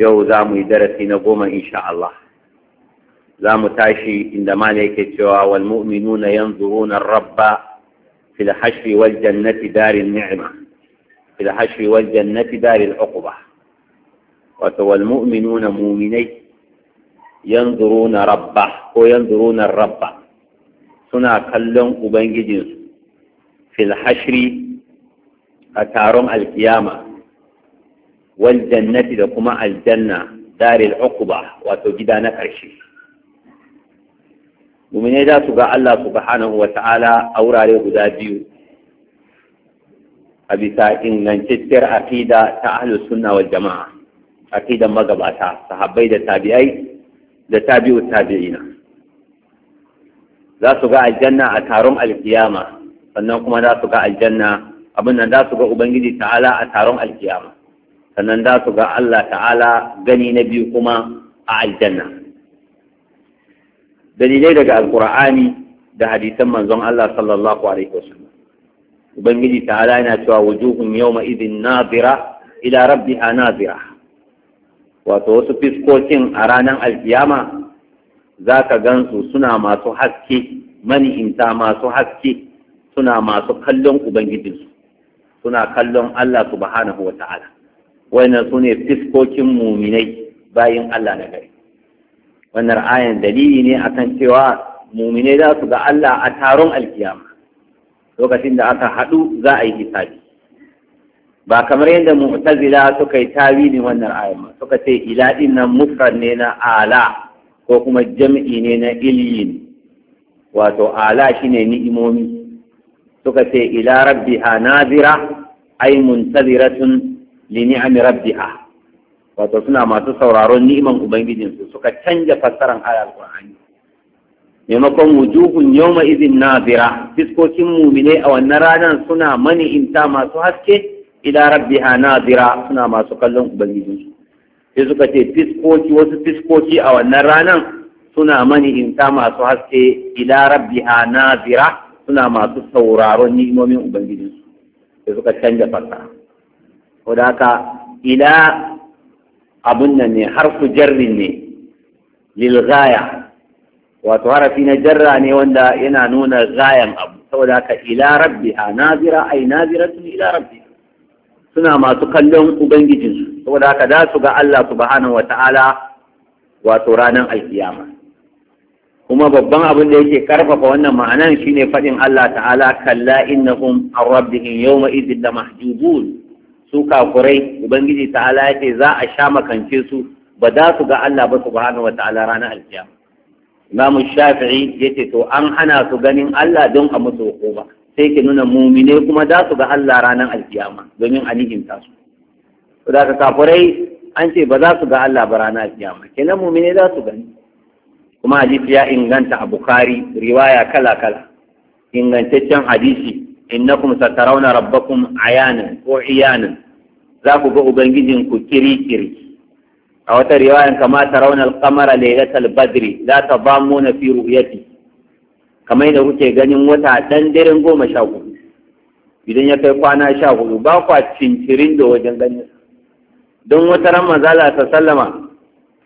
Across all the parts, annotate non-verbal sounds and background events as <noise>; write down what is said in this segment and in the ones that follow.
yau za mu yi darasi na goma insha Allah za mu tashi inda mala yake cewa wal mu'minuna yanzuruna rabba fil hashri wal jannati darin ni'ma fil hashri wal jannati daril uqba wato wal mu'minuna mu'minai yanzuruna rabba ko yanzuruna rabba suna kallon ubangijinsu fil hashri a taron alkiyama wal jannati da kuma aljanna daril uqba wato gida na karshe mu'mine za su ga Allah subhanahu wa ta'ala a wurare guda biyu a bisa ingantacciyar aqida ta ahlus sunna wal jama'a aqidan magabata sahabbai da tabi'ai da tabi'u tabi'ina za su ga aljanna a taron alkiyama sannan kuma za su ga aljanna abin nan za su ga ubangiji ta'ala a taron alkiyama sannan za su ga Allah ta'ala gani na biyu kuma a aljanna dalilai daga alkur'ani da hadisan manzon Allah sallallahu alaihi wasallam ubangiji ta'ala yana cewa wujuhun yawma idin nazira ila rabbiha nazira wato wasu fiskokin a ranar alkiyama za ka gansu suna masu haske mani'inta masu haske suna masu kallon ubangijinsu suna kallon Allah subhanahu wa ta'ala wannan su ne fiskokin muminai bayan Allah na gari wannan ayan dalili ne akan cewa muminai za su ga Allah a taron alkiyama lokacin da aka haɗu za a yi hisabi ba kamar yadda mu'tazila suka yi tawilin wannan ayan suka ce ila dinnan nan mufrad ne na ala ko kuma jam'i ne na ilyin wato ala shine ni'imomi suka ce ila rabbiha nazira ay muntaziratun li ni'am rabbiha wato suna masu sauraron ni'iman ubangijinsu suka canja fassaran ayar qur'ani maimakon wujuhun yawma idhin nazira fiskokin mumine a wannan ranar suna mani inta masu haske ila rabbiha nazira suna masu kallon ubangijinsu sai suka ce fiskoki wasu fiskoki a wannan ranar suna mani inta masu haske ila rabbiha nazira suna masu sauraron ni'imomin ubangijinsu sai suka canja fassara ko haka ila abin nan ne harfu jarrin ne lilgaya. wato harafi na jarra ne wanda yana nuna gayan abu saboda haka ila rabbiha nazira ay naziratun ila rabbiha suna masu kallon ubangijinsu saboda haka za su ga Allah subhanahu wata'ala wato ranar alkiyama kuma babban abin da yake karfafa wannan ma'anan shine fadin Allah ta'ala kalla innahum an rabbihim yawma idhin lamahjubun su kafurai ubangiji ta'ala ya ce za a sha makance su ba za su ga Allah ba subhanahu wa ta'ala ranar alkiya imam shafi'i yace to an hana su ganin Allah don a musu hukuma sai ke nuna mumine kuma za su ga Allah ranar alkiyama domin a ta su da da kafurai an ce ba za su ga Allah ba ranar alkiyama kenan mumine za su gani kuma hadisi ya inganta a riwaya kala kala ingantaccen hadisi innakum satarawna rabbakum ayanan ko iyanan za ku ga ubangijin ku kiri kiri a wata riwayan kama tarawna al-qamara laylatal badri la tadamuna fi ru'yati kamar da kuke ganin wata dan daren goma sha hudu idan ya kai kwana sha hudu ba kwa cincirin da wajen ganin don wata ran manzala ta sallama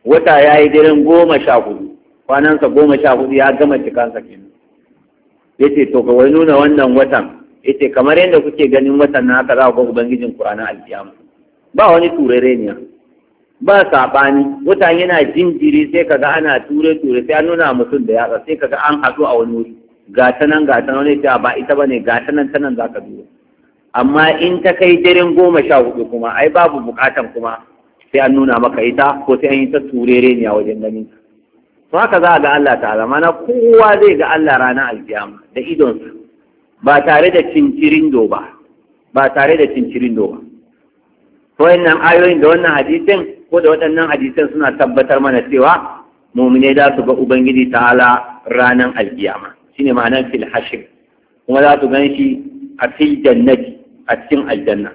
wata ya yi daren goma sha hudu kwanansa goma sha hudu ya gama cikansa kenan ya ce to wai nuna wannan watan yace kamar yadda kuke ganin watan na haka za ku ga ubangijin ku ranar alkiyama ba wani turereniya ba sabani wata yana jinjiri sai kaga ana ture ture sai an nuna mutum da yatsa sai kaga an haso a wani wuri ga ta nan ga ta wani ta ba ita bane ga ta nan ta nan zaka duro amma in ta kai daren goma sha hudu kuma ai babu bukatan kuma sai an nuna maka ita ko sai an yi ta turere ne wajen ganin to haka za a ga Allah ta'ala mana kowa zai ga Allah ranar alkiyama da idonsa ba tare da cincirindo ba ba tare da cincirindo ba wayannan ayoyin da wannan hadisin ko da waɗannan hadisin suna tabbatar mana cewa mu'mine za su ga ubangiji ta'ala ranar alkiyama shine ma'anar fil hashir kuma za su gan shi a fil jannati a cikin aljanna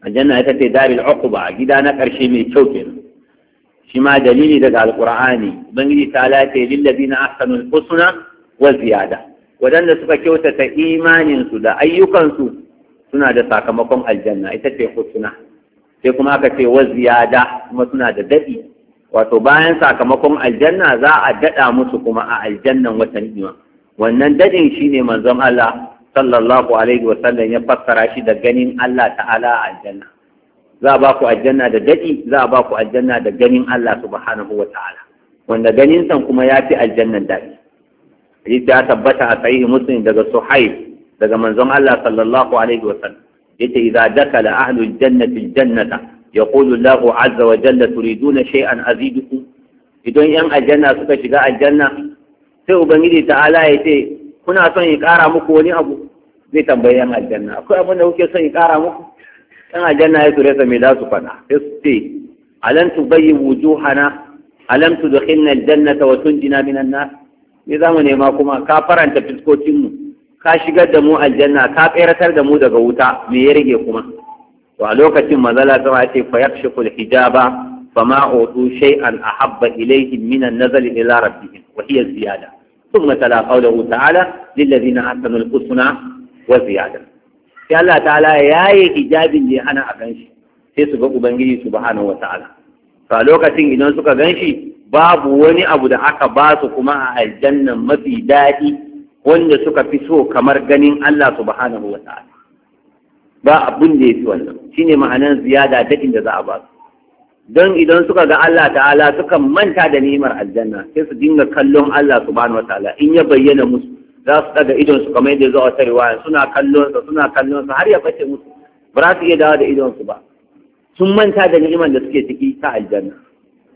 aljanna ita ce daril uquba gida na ƙarshe mai kyau kenan shi ma dalili daga alqur'ani ubangiji ta'ala ce lil ladina ahsanul husna wa ziyada waɗanda suka kyautata imaninsu da ayyukansu suna da sakamakon aljanna ita ce husna sai kuma aka ce wa ziyada kuma suna da daɗi wato bayan sakamakon aljanna za a daɗa musu kuma a aljannan wata ni'ima wannan daɗin shine manzon Allah sallallahu alaihi wasallam ya fassara shi da ganin Allah ta'ala a aljanna za a ba ku aljanna da daɗi za a ba ku aljanna da ganin Allah subhanahu wa ta'ala wanda ganin san kuma ya fi aljannan daɗi hadisi ya tabbata a sahihi muslim daga suhaib daga manzon Allah sallallahu alaihi wasallam yace idza dakala ahlul jannati aljannata yaqulu Allahu azza wa jalla turiduna shay'an azidukum idan yan aljanna suka shiga aljanna sai ubangiji ta'ala ya ce kuna son in kara muku wani abu zai tambayi yan aljanna akwai abin da kuke son in kara muku yan aljanna ya ture sa me za su faɗa sai su ce alam tubayyin wujuhana alam tudkhilna aljannata wa tunjina minan nar me za mu nema kuma ka faranta fiskokinmu ka shigar da mu aljanna ka tseratar da mu daga wuta me ya rage kuma to a lokacin mazala sama ce fa yakshifu hijaba fama utu shay'an ahabba ilayhim min an-nazar ila rabbihim wa hiya ziyada ثم تلا قوله تعالى للذين أحسنوا الحسنى وزيادة sai Allah ta'ala ya yi hijabin da ana a ganshi sai su ga Ubangiji subhanahu wa ta'ala a lokacin idan suka ganshi babu wani abu da aka ba su kuma a aljannan mafi daɗi wanda suka fi so kamar ganin Allah subhanahu wa ta'ala ba abin da ya fi wannan shine ma'anar ziyada daɗin da za a ba su don idan suka ga Allah ta'ala suka manta da ni'imar aljanna sai su dinga kallon Allah subhanahu wa ta'ala in ya bayyana musu za su daga idon su kamar yadda zuwa riwaya suna kallon sa suna kallon sa har ya bace musu ba za su iya dawo da idon su ba sun manta da ni'imar da suke ciki ta aljanna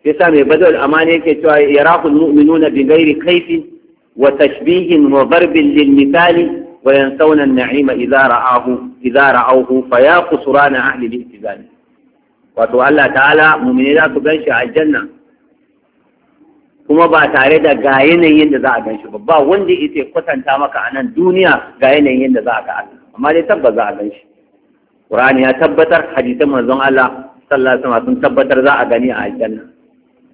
yasa mai badal amana yake cewa yarahul mu'minuna bi ghairi kaifi wa tashbihin wa darbin lil misali wa yansawna naima idza ra'ahu idza ra'awhu fa ya qusrana ahli wato Allah ta'ala mu'mini za su ganshi a janna kuma ba tare da ga yanayin da za a ganshi ba ba wanda yake kwatanta maka a nan duniya ga yanayin da za a ga Allah amma dai tabbas za a ganshi Qur'ani ya tabbatar hadisan manzon Allah sallallahu alaihi wasallam sun tabbatar za a gani a aljanna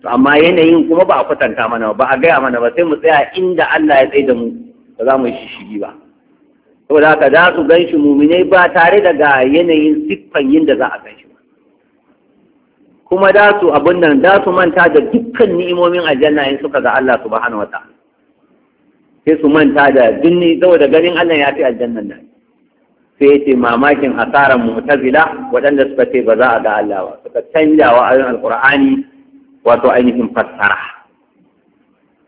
amma yanayin kuma ba a kwatanta mana ba a gaya mana ba sai mu tsaya inda Allah ya tsaye da mu ba za mu yi shishigi ba saboda haka za su gan shi muminai ba tare da ga yanayin siffan yin da za a gan ba kuma da su abin nan da su manta da dukkan ni'imomin aljanna in suka ga Allah subhanahu wata. sai su manta da dinni saboda ganin Allah ya fi aljannan nan sai ya ce mamakin asaran mu'tazila waɗanda suka ce ba za a ga Allah ba suka canja wa ayoyin alqur'ani wato ainihin fassara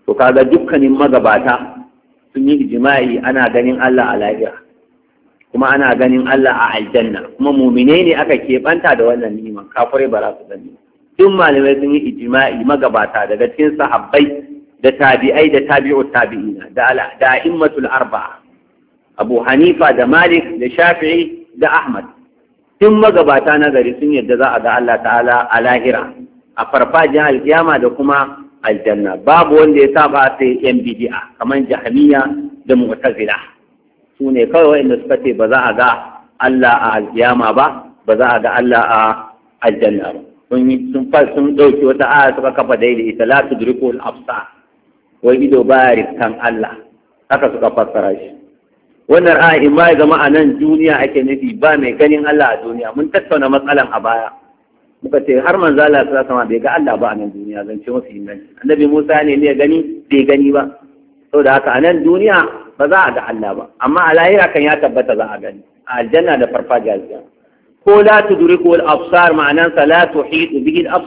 to kaga dukkanin magabata sun yi ijma'i ana ganin Allah a lahira kuma ana ganin Allah a aljanna kuma mumine ne aka keɓanta da wannan neman, kafirai ba za su gani duk malamai sun yi ijma'i magabata daga cikin sahabbai da tabi'ai da tabi'u tabi'ina da da immatul arba'a Abu Hanifa da Malik da Shafi'i da Ahmad duk magabata na gari sun yadda za a ga Allah ta'ala a lahira a farfajin alkiyama da kuma aljanna babu wanda ya saba sai yan bidi'a kamar jahmiya da mu'tazila su ne kawai wanda suka ce ba za a ga Allah a alkiyama ba ba za a ga Allah a aljanna ba sun sun fa sun dauki wata aya suka kafa daidai ita la tudriku al wai ido baya riskan Allah haka suka fassara shi wannan aya in ma ya zama a nan duniya ake nufi ba mai ganin Allah a duniya mun tattauna matsalan a baya muka ce har manzo Allah sallallahu sama bai ga Allah ba a nan duniya zance masu inganci annabi Musa ne ne gani bai gani ba da haka a nan duniya ba za a ga Allah ba amma a lahira kan ya tabbata za a gani a aljanna da farfajiya zuwa ko la tudriku al-absar ma'anansa la tuhitu bihi al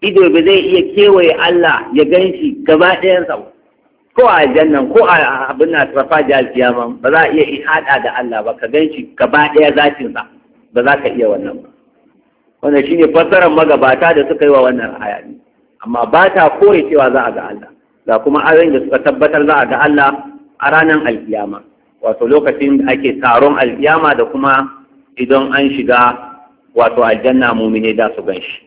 ido ba zai iya kewaye Allah ya ganshi gaba ɗayan sa ko a aljanna ko a abin na farfajiya kiyama ba za a iya haɗa da Allah ba ka ganshi gaba ɗaya zatin sa ba za ka iya wannan ba wannan shine fassarar magabata da suka yi wa wannan aya amma ba ta kore cewa za a ga Allah ga kuma ayoyin da suka tabbatar za a ga Allah a ranar alkiyama wato lokacin da ake taron alkiyama da kuma idan an shiga wato aljanna mumine da su ganshi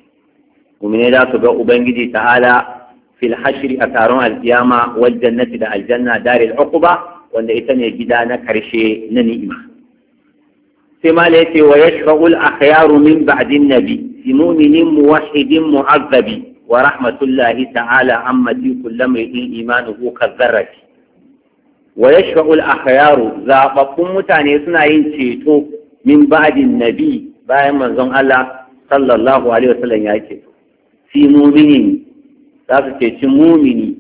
mumine da su ga ubangiji ta'ala fil hashri a taron alkiyama wal jannati da aljanna daril uquba wanda ita ne gida na karshe na ni'ima sai mala yace wa yashra'ul akhyaru min ba'din nabi fi mu'minin muwahhidin mu'azzabi wa rahmatullahi ta'ala amma fi kulli mar'in imanuhu kadharrati wa yashra'ul akhyaru zababbun mutane suna yin ceto min nabi bayan manzon Allah sallallahu ceci mumini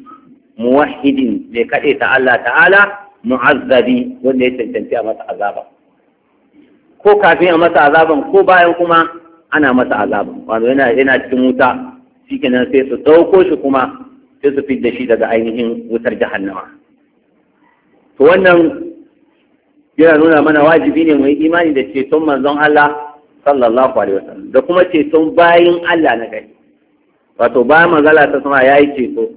mai kaɗe ta Allah ta'ala mu'azzabi wanda ya masa azaba ko kafin a masa azaban ko bayan kuma ana masa azaban wato yana yana cikin wuta shikenan sai su dauko shi kuma sai su fidda shi daga ainihin wutar jahannama to wannan yana nuna mana wajibi ne mu yi imani da ceton manzon Allah sallallahu alaihi wasallam da kuma ceton bayin Allah na gari wato bayan manzala ta sama yayi ceto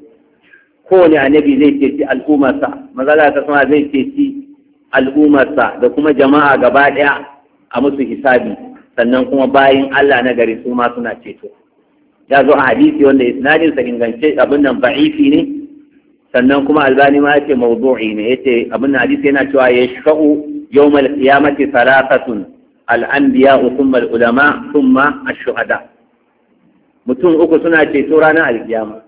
kowane annabi zai ceci al'ummarsa manzala ta sama zai ceci al'ummarsa da kuma jama'a gaba daya a musu hisabi sannan kuma bayin Allah na gari su ma suna ceto ya zo a hadisi wanda isnadin sa ingance abin nan ba'ifi ne sannan kuma albani ma yace mawdu'i ne yace abin nan hadisi yana cewa yashfa'u yawmal qiyamati thalathatun al-anbiya thumma al-ulama thumma ash-shuhada mutum uku suna ceto ranar alkiyama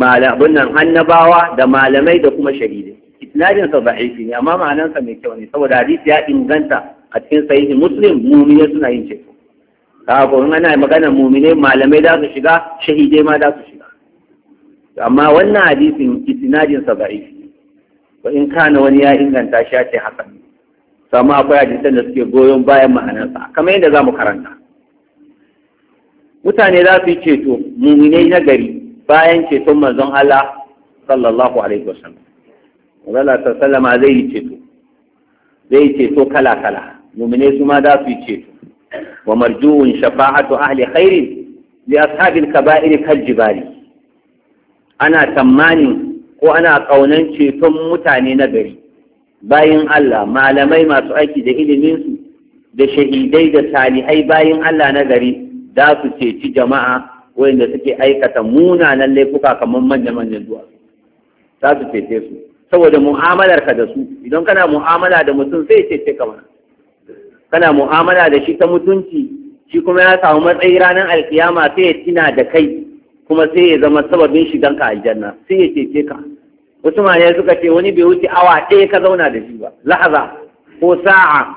Abin nan annabawa da malamai da kuma shahidai isnadin sa ba'ifi ne amma ma'anansa mai kyau ne saboda hadisi ya inganta a cikin sahihi muslim mumine suna yin ceto ta ko in ana magana mumine malamai za su shiga shahidai ma za su shiga amma wannan hadisin isnadin sa da'ifi wa in kana wani ya inganta shi ya ce haka amma akwai hadisan da suke goyon bayan ma'anarsa kamar yadda za mu karanta mutane za su yi ceto mumine na gari bayan ceton manzon Allah sallallahu alaihi wasallam Allah ta sallama zai yi ceto zai yi ceto kala kala mu'mine su ma za su yi ceto wa marjuun shafa'atu ahli khairin li ashabil iri kal jibali ana tamanin ko ana kaunan ceton mutane na gari bayin Allah malamai masu aiki da ilimin su da shahidai da salihai bayin Allah na gari za su ceci jama'a wanda suke aikata munanan laifuka kamar manya manyan zuwa za su cece su saboda mu'amalar ka da su idan kana mu'amala da mutum sai cece ka mana kana mu'amala da shi ta mutunci shi kuma ya samu matsayi ranar alkiyama sai ya tina da kai kuma sai ya zama sababin ka aljanna sai ya cece ka wasu ma suka ce wani bai wuce awa ɗaya ka zauna da shi ba lahaza ko sa'a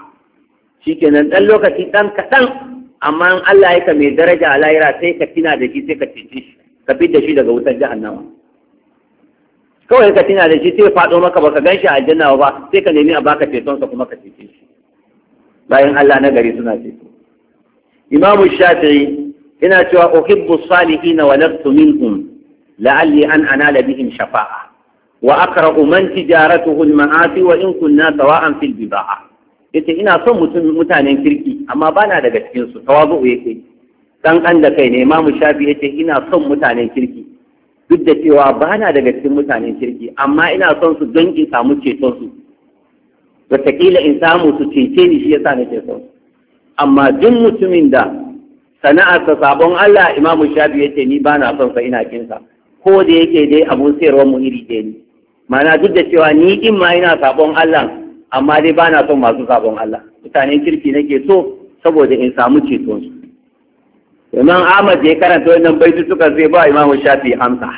shikenan ɗan lokaci ɗan kaɗan amma in Allah ya ka mai daraja a lahira sai ka tina da shi sai ka cece shi ka fidda shi daga wutar jahannama kawai ka tina da shi sai faɗo maka baka gan shi a aljanna ba sai ka nemi a baka cetonsa kuma ka cece shi bayan Allah na gari suna ce. imamu shafi'i yana cewa uhibbu salihin wa laqtu minhum la'alli an anala bihim shafa'a wa akra'u man tijaratuhu al-ma'asi wa in kunna sawa'an fil bida'a yace ina son mutum mutanen kirki amma bana daga cikin su tawazu yake dan kan da kai ne imamu Shafi'i yace ina son mutanen kirki duk da cewa bana daga cikin mutanen kirki amma ina son su don in samu ceton su wataƙila in samu su cece ni shi yasa nake so amma duk mutumin da sana'arsa sabon Allah imamu shafi yace ni ba na son sa ina kinsa ko da yake dai abun sayarwar mu iri ɗaya ne ma'ana duk da cewa ni din ma ina sabon Allah amma dai ba na son masu sabon Allah mutanen kirki nake so saboda in samu ceton su imam Ahmad ya karanta wannan suka zai ba imamu shafi amsa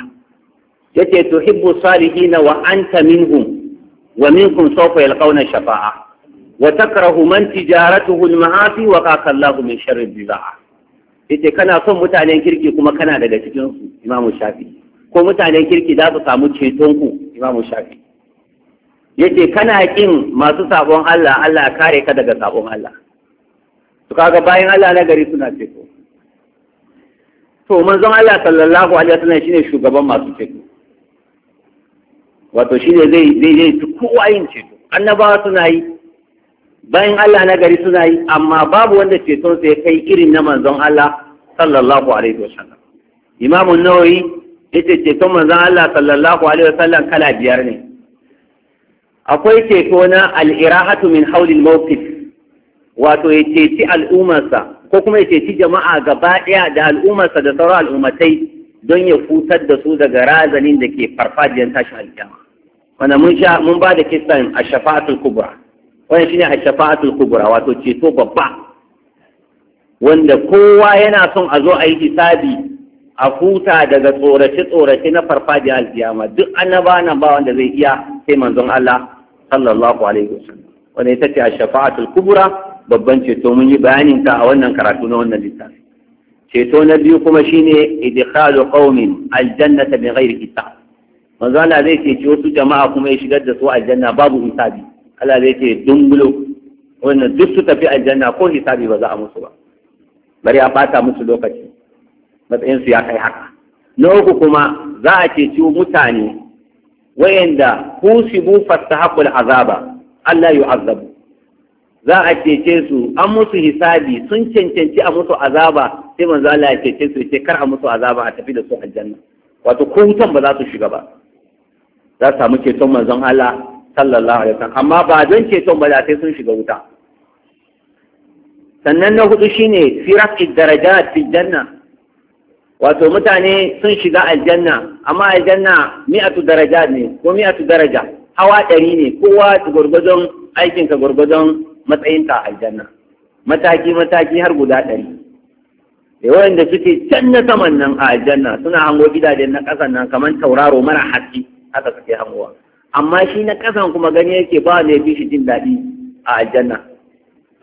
yace tuhibbu salihina wa anta minhum wa minkum sawfa yalqawna shafa'a wa takrahu man tijaratuhu al-ma'asi wa qaka Allahu min sharri dhiba'a yace kana son mutanen kirki kuma kana daga cikin su Imam Shafi. ko mutanen kirki za su samu ceton ku Imam Shafi'i yace kana kin masu sabon Allah Allah kare ka daga sabon Allah to kaga bayan Allah na gari suna ceto to manzon Allah sallallahu alaihi wasallam shine shugaban masu ceto wato shi ne zai zai fi kowa yin ceto annabawa suna yi bayan Allah na gari suna yi amma babu wanda ceton sai kai irin na manzon Allah sallallahu alaihi wasallam imamu nawawi yace ceton manzon Allah sallallahu alaihi wasallam kala biyar ne akwai ceto na al-irahatu min hawlil mawqif wato ya ceci al'ummarsa ko kuma ya ceci jama'a gaba ɗaya da al'ummarsa da sauran al'ummatai don ya futar da su daga razanin da ke farfajiyar tashin alkiyama wanda mun sha mun ba da kisan a shafa'atul kubra wannan shine a shafa'atul kubra wato ceto babba wanda kowa yana son a zo a yi hisabi a huta daga tsorace-tsorace na farfajiyar alkiyama duk annaba na ba wanda zai iya sai manzon Allah sallallahu alaihi wasallam wanda ita ce a shafa'atul kubra babban ceto mun yi bayanin ta a wannan karatu na wannan littafi ceto na biyu kuma shine idkhalu qaumin aljannata bi ghairi manzo Allah zai ceci wasu jama'a kuma ya shigar da su aljanna babu hisabi Allah zai ce dungulo wannan duk su tafi aljanna ko hisabi ba za a musu ba bari a bata musu lokaci matsayin su ya kai haka na uku kuma za a ceci mutane wayanda husibu fastahaqul azaba Allah yu'azzabu za a cece su an musu hisabi sun cancanci a musu azaba sai manzo Allah ya cece su ce kar a musu azaba a tafi da su aljanna wato ko wutan ba za su shiga ba za su samu ceton manzon Allah sallallahu alaihi wasallam amma ba don ceton ba da sai sun shiga wuta sannan na hudu shine fi rafi fi janna wato mutane sun shiga aljanna amma aljanna mi'atu daraja ne ko mi'atu daraja hawa ɗari ne kowa ka aikinka matsayin matsayinka aljanna mataki mataki har guda ɗari da eh, wanda suke can na saman nan a aljanna suna hango gidajen na ƙasan nan kamar tauraro mara haske haka suke hangowa amma shi na ƙasan kuma gani yake ba ne bi shi jin daɗi a aljanna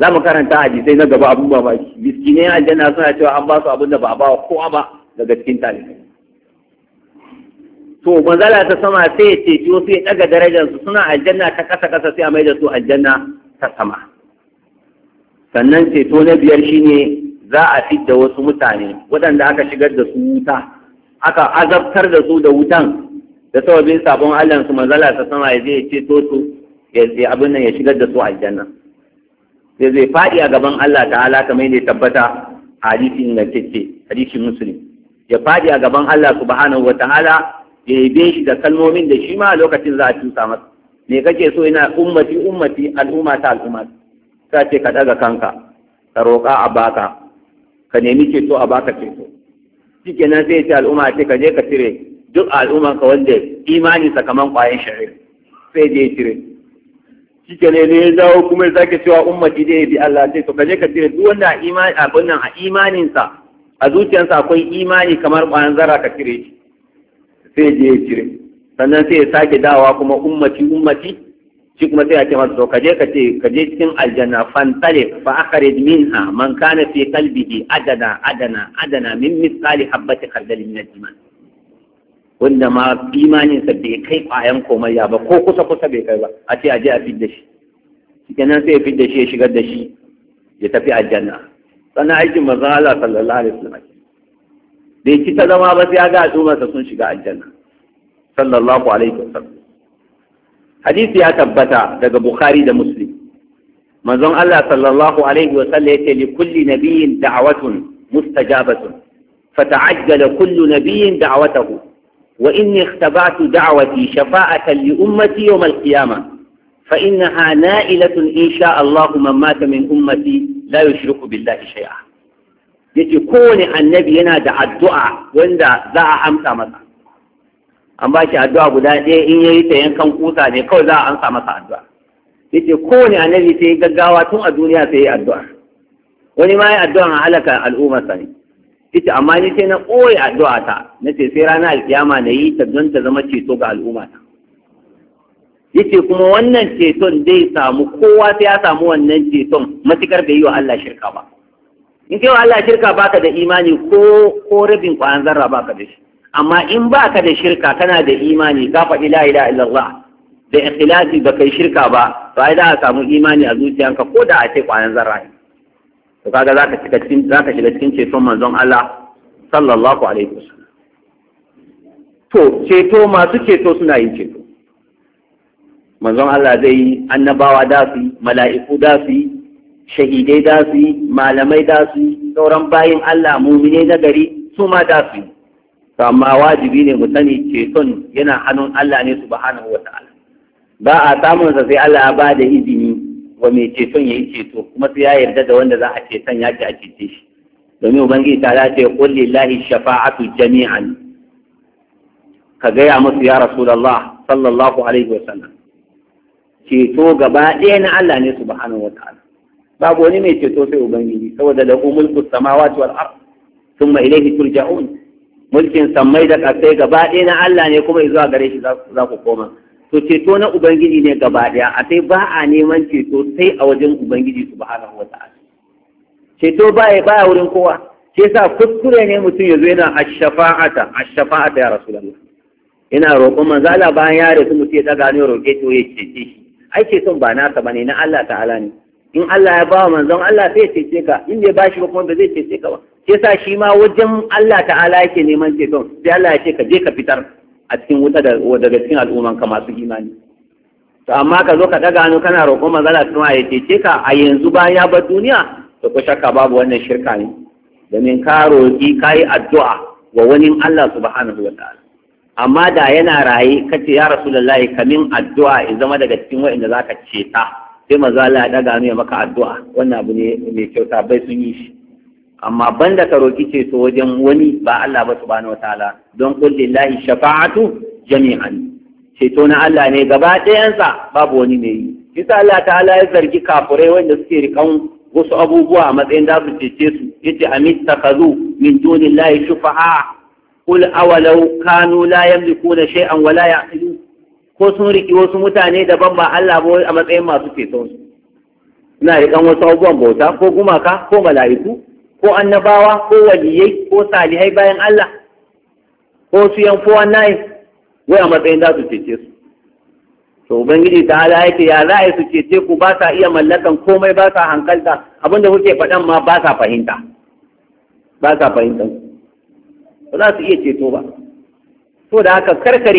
za mu karanta hadisai na gaba abin babaji. miskinai aljanna suna cewa an ba su abin da ba a ba kowa ba daga cikin talibai to manzala ta sama sai ya ce ciwo sai ya ɗaga su suna aljanna ta ƙasa ƙasa sai a mai da su aljanna ta sama sannan ceto na biyar shine za a fidda wasu mutane waɗanda aka shigar da su wuta aka azabtar da su da wutan da sababin sabon Allah su manzala ta sama ya zai ce to su ya zai abin nan ya shigar da su a janna sai zai faɗi a gaban Allah ta'ala kamar yadda ya tabbata a hadisi ingantacce hadisi muslim ya faɗi a gaban Allah subhanahu wataala ya yabe shi da kalmomin da shi ma a lokacin za a tusa masa me kake so ina ummati ummati al'umma ta al'umma ta ce ka daga kanka ka roƙa a baka ka nemi ceto a baka ceto shikenan sai ya ce al'umma ce ka je ka cire duk al'umman ka wanda imani sakaman kwayan shari'a sai dai cire shi ke ne ya dawo kuma ya sake cewa ummati dai bi Allah sai to kaje ka cire duk wanda imani a bannan a sa a zuciyarsa akwai imani kamar kwayan zara ka cire shi sai dai ya cire sannan sai ya sake dawa kuma ummati ummati shi kuma sai ya ce masa to kaje ka ce kaje cikin aljanna fantale fa akhrij minha man kana fi qalbihi adana adana adana min misali habati khardal min al-iman wanda ma imaninsa bai kai ƙwayan komayya ba ko kusa kusa bai kai ba a ce a je a fidda shi kenan sai ya fidda shi ya shigar da shi ya tafi aljanna sannan aikin maza Allah sallallahu alaihi wasallam bai ci ta zama ba sai ya ga al'ummarsa sun shiga aljanna sallallahu alaihi wasallam hadisi ya tabbata daga bukhari da muslim manzon Allah sallallahu alaihi wasallam ya ce li kulli nabiyyin da'watun mustajabatun fata'ajjala kullu nabiyyin da'watahu وإني اختبعت دعوتي شفاعة لأمتي يوم القيامة فإنها نائلة إن شاء الله من مات من أمتي لا يشرك بالله شيئا يتكون النبي ينادى الدعاء وإن ذا أمسى مسا أما شاء الدعاء بدا إيه إن يتين كم قوسا نقو ذا أمسى مسا الدعاء يتكون النبي سيقا قاواتهم الدنيا سيئ الدعاء ولما يأدعون على الأمة سنين ita amma ni sai na ɓoye addu'a ta na ce sai rana alkiyama na yi ta don ta zama ceto ga al'umma ta yace kuma wannan ceton zai samu kowa sai ya samu wannan ceton matukar bai yi wa Allah shirka ba in kai wa Allah shirka baka da imani ko ko rabin kwayan zarra baka da shi amma in baka da shirka kana da imani ka faɗi la ilaha illallah da ikhlasi baka kai shirka ba to ai za a samu imani a zuciyanka ko da a ce kwayan zarra ne to kaga zaka shiga cikin zaka shiga cikin ceton manzon Allah sallallahu alaihi wasallam to ceto masu ceto suna yin ceto manzon Allah zai yi annabawa da su mala'iku da su shahidai da su malamai da su sauran bayin Allah mumine na gari su ma da su to amma wajibi ne mu sani ceton yana hannun Allah ne subhanahu wa ta'ala ba a samun sa sai Allah ba da izi. wa mai ceton ya yi ceto kuma sai ya yarda da wanda za a ceton ya ce a cece shi domin ubangiji ta za ta kulli lahi shafa'atu jami'an ka gaya musu ya rasulullah sallallahu alaihi wasallam ceto gaba ɗaya na Allah ne subhanahu wataala babu wani mai ceto sai ubangiji saboda da mulku samawati wal ard thumma ilayhi turja'un mulkin sammai da ƙasai gaba ɗaya na Allah ne kuma zuwa gare shi za ku koma to ceto na ubangiji ne gaba daya a sai ba a neman ceto sai a wajen ubangiji su subhanahu wa ta'ala ceto baya baya wurin kowa Ke sa kuskure ne mutum ya zo yana ashafa'ata ashafa'ata ya rasulullah ina roƙon manzo Allah bayan ya rasu mutum ya daga ne roƙe to ya cece shi ai ceton ba nasa bane na Allah ta'ala ne in Allah ya bawa manzon Allah sai ya cece ka in bai bashi ba kuma ba zai cece ka ba Ke sa shi ma wajen Allah ta'ala yake neman ceton sai Allah ya ce ka je ka fitar a cikin wuta daga cikin al'umman ka masu imani to amma ka zo ka daga hannu kana roƙon manzala kuma ya cece ka a yanzu bayan ya bar duniya to ko shakka babu wannan shirka ne domin ka roƙi ka yi addu'a wa wani Allah subhanahu wataala amma da yana raye ka ce ya rasu rasulullahi kamin addu'a in zama daga cikin wa'inda zaka ceta sai manzala ya daga hannu ya maka addu'a wannan abu ne mai kyauta bai sun yi shi amma banda ka roki ceto wajen wani ba Allah ba subhanahu wataala don qul lillahi shafa'atu jami'an ceto na Allah ne gaba ɗayansa babu wani mai yi Kisa Allah ta'ala ya zargi kafurai wanda suke rikan wasu abubuwa a matsayin da su cece su yace amit takazu min dunillahi shufa'a qul awalau kanu la yamlikuna shay'an wa la ya'qilu ko sun riki wasu mutane daban ba Allah ba a matsayin masu ceton su suna rikan wasu abubuwan bauta ko gumaka ko mala'iku ko annabawa ko waliyai ko salihai bayan Allah ko su yan fowa nai wai a matsayin za su cece su to ubangiji ta ala yake ya za a su cece ku ba sa iya mallakan komai ba sa hankalta abinda kuke faɗan ma ba sa fahimta ba sa fahimta ba za su iya ceto ba to da haka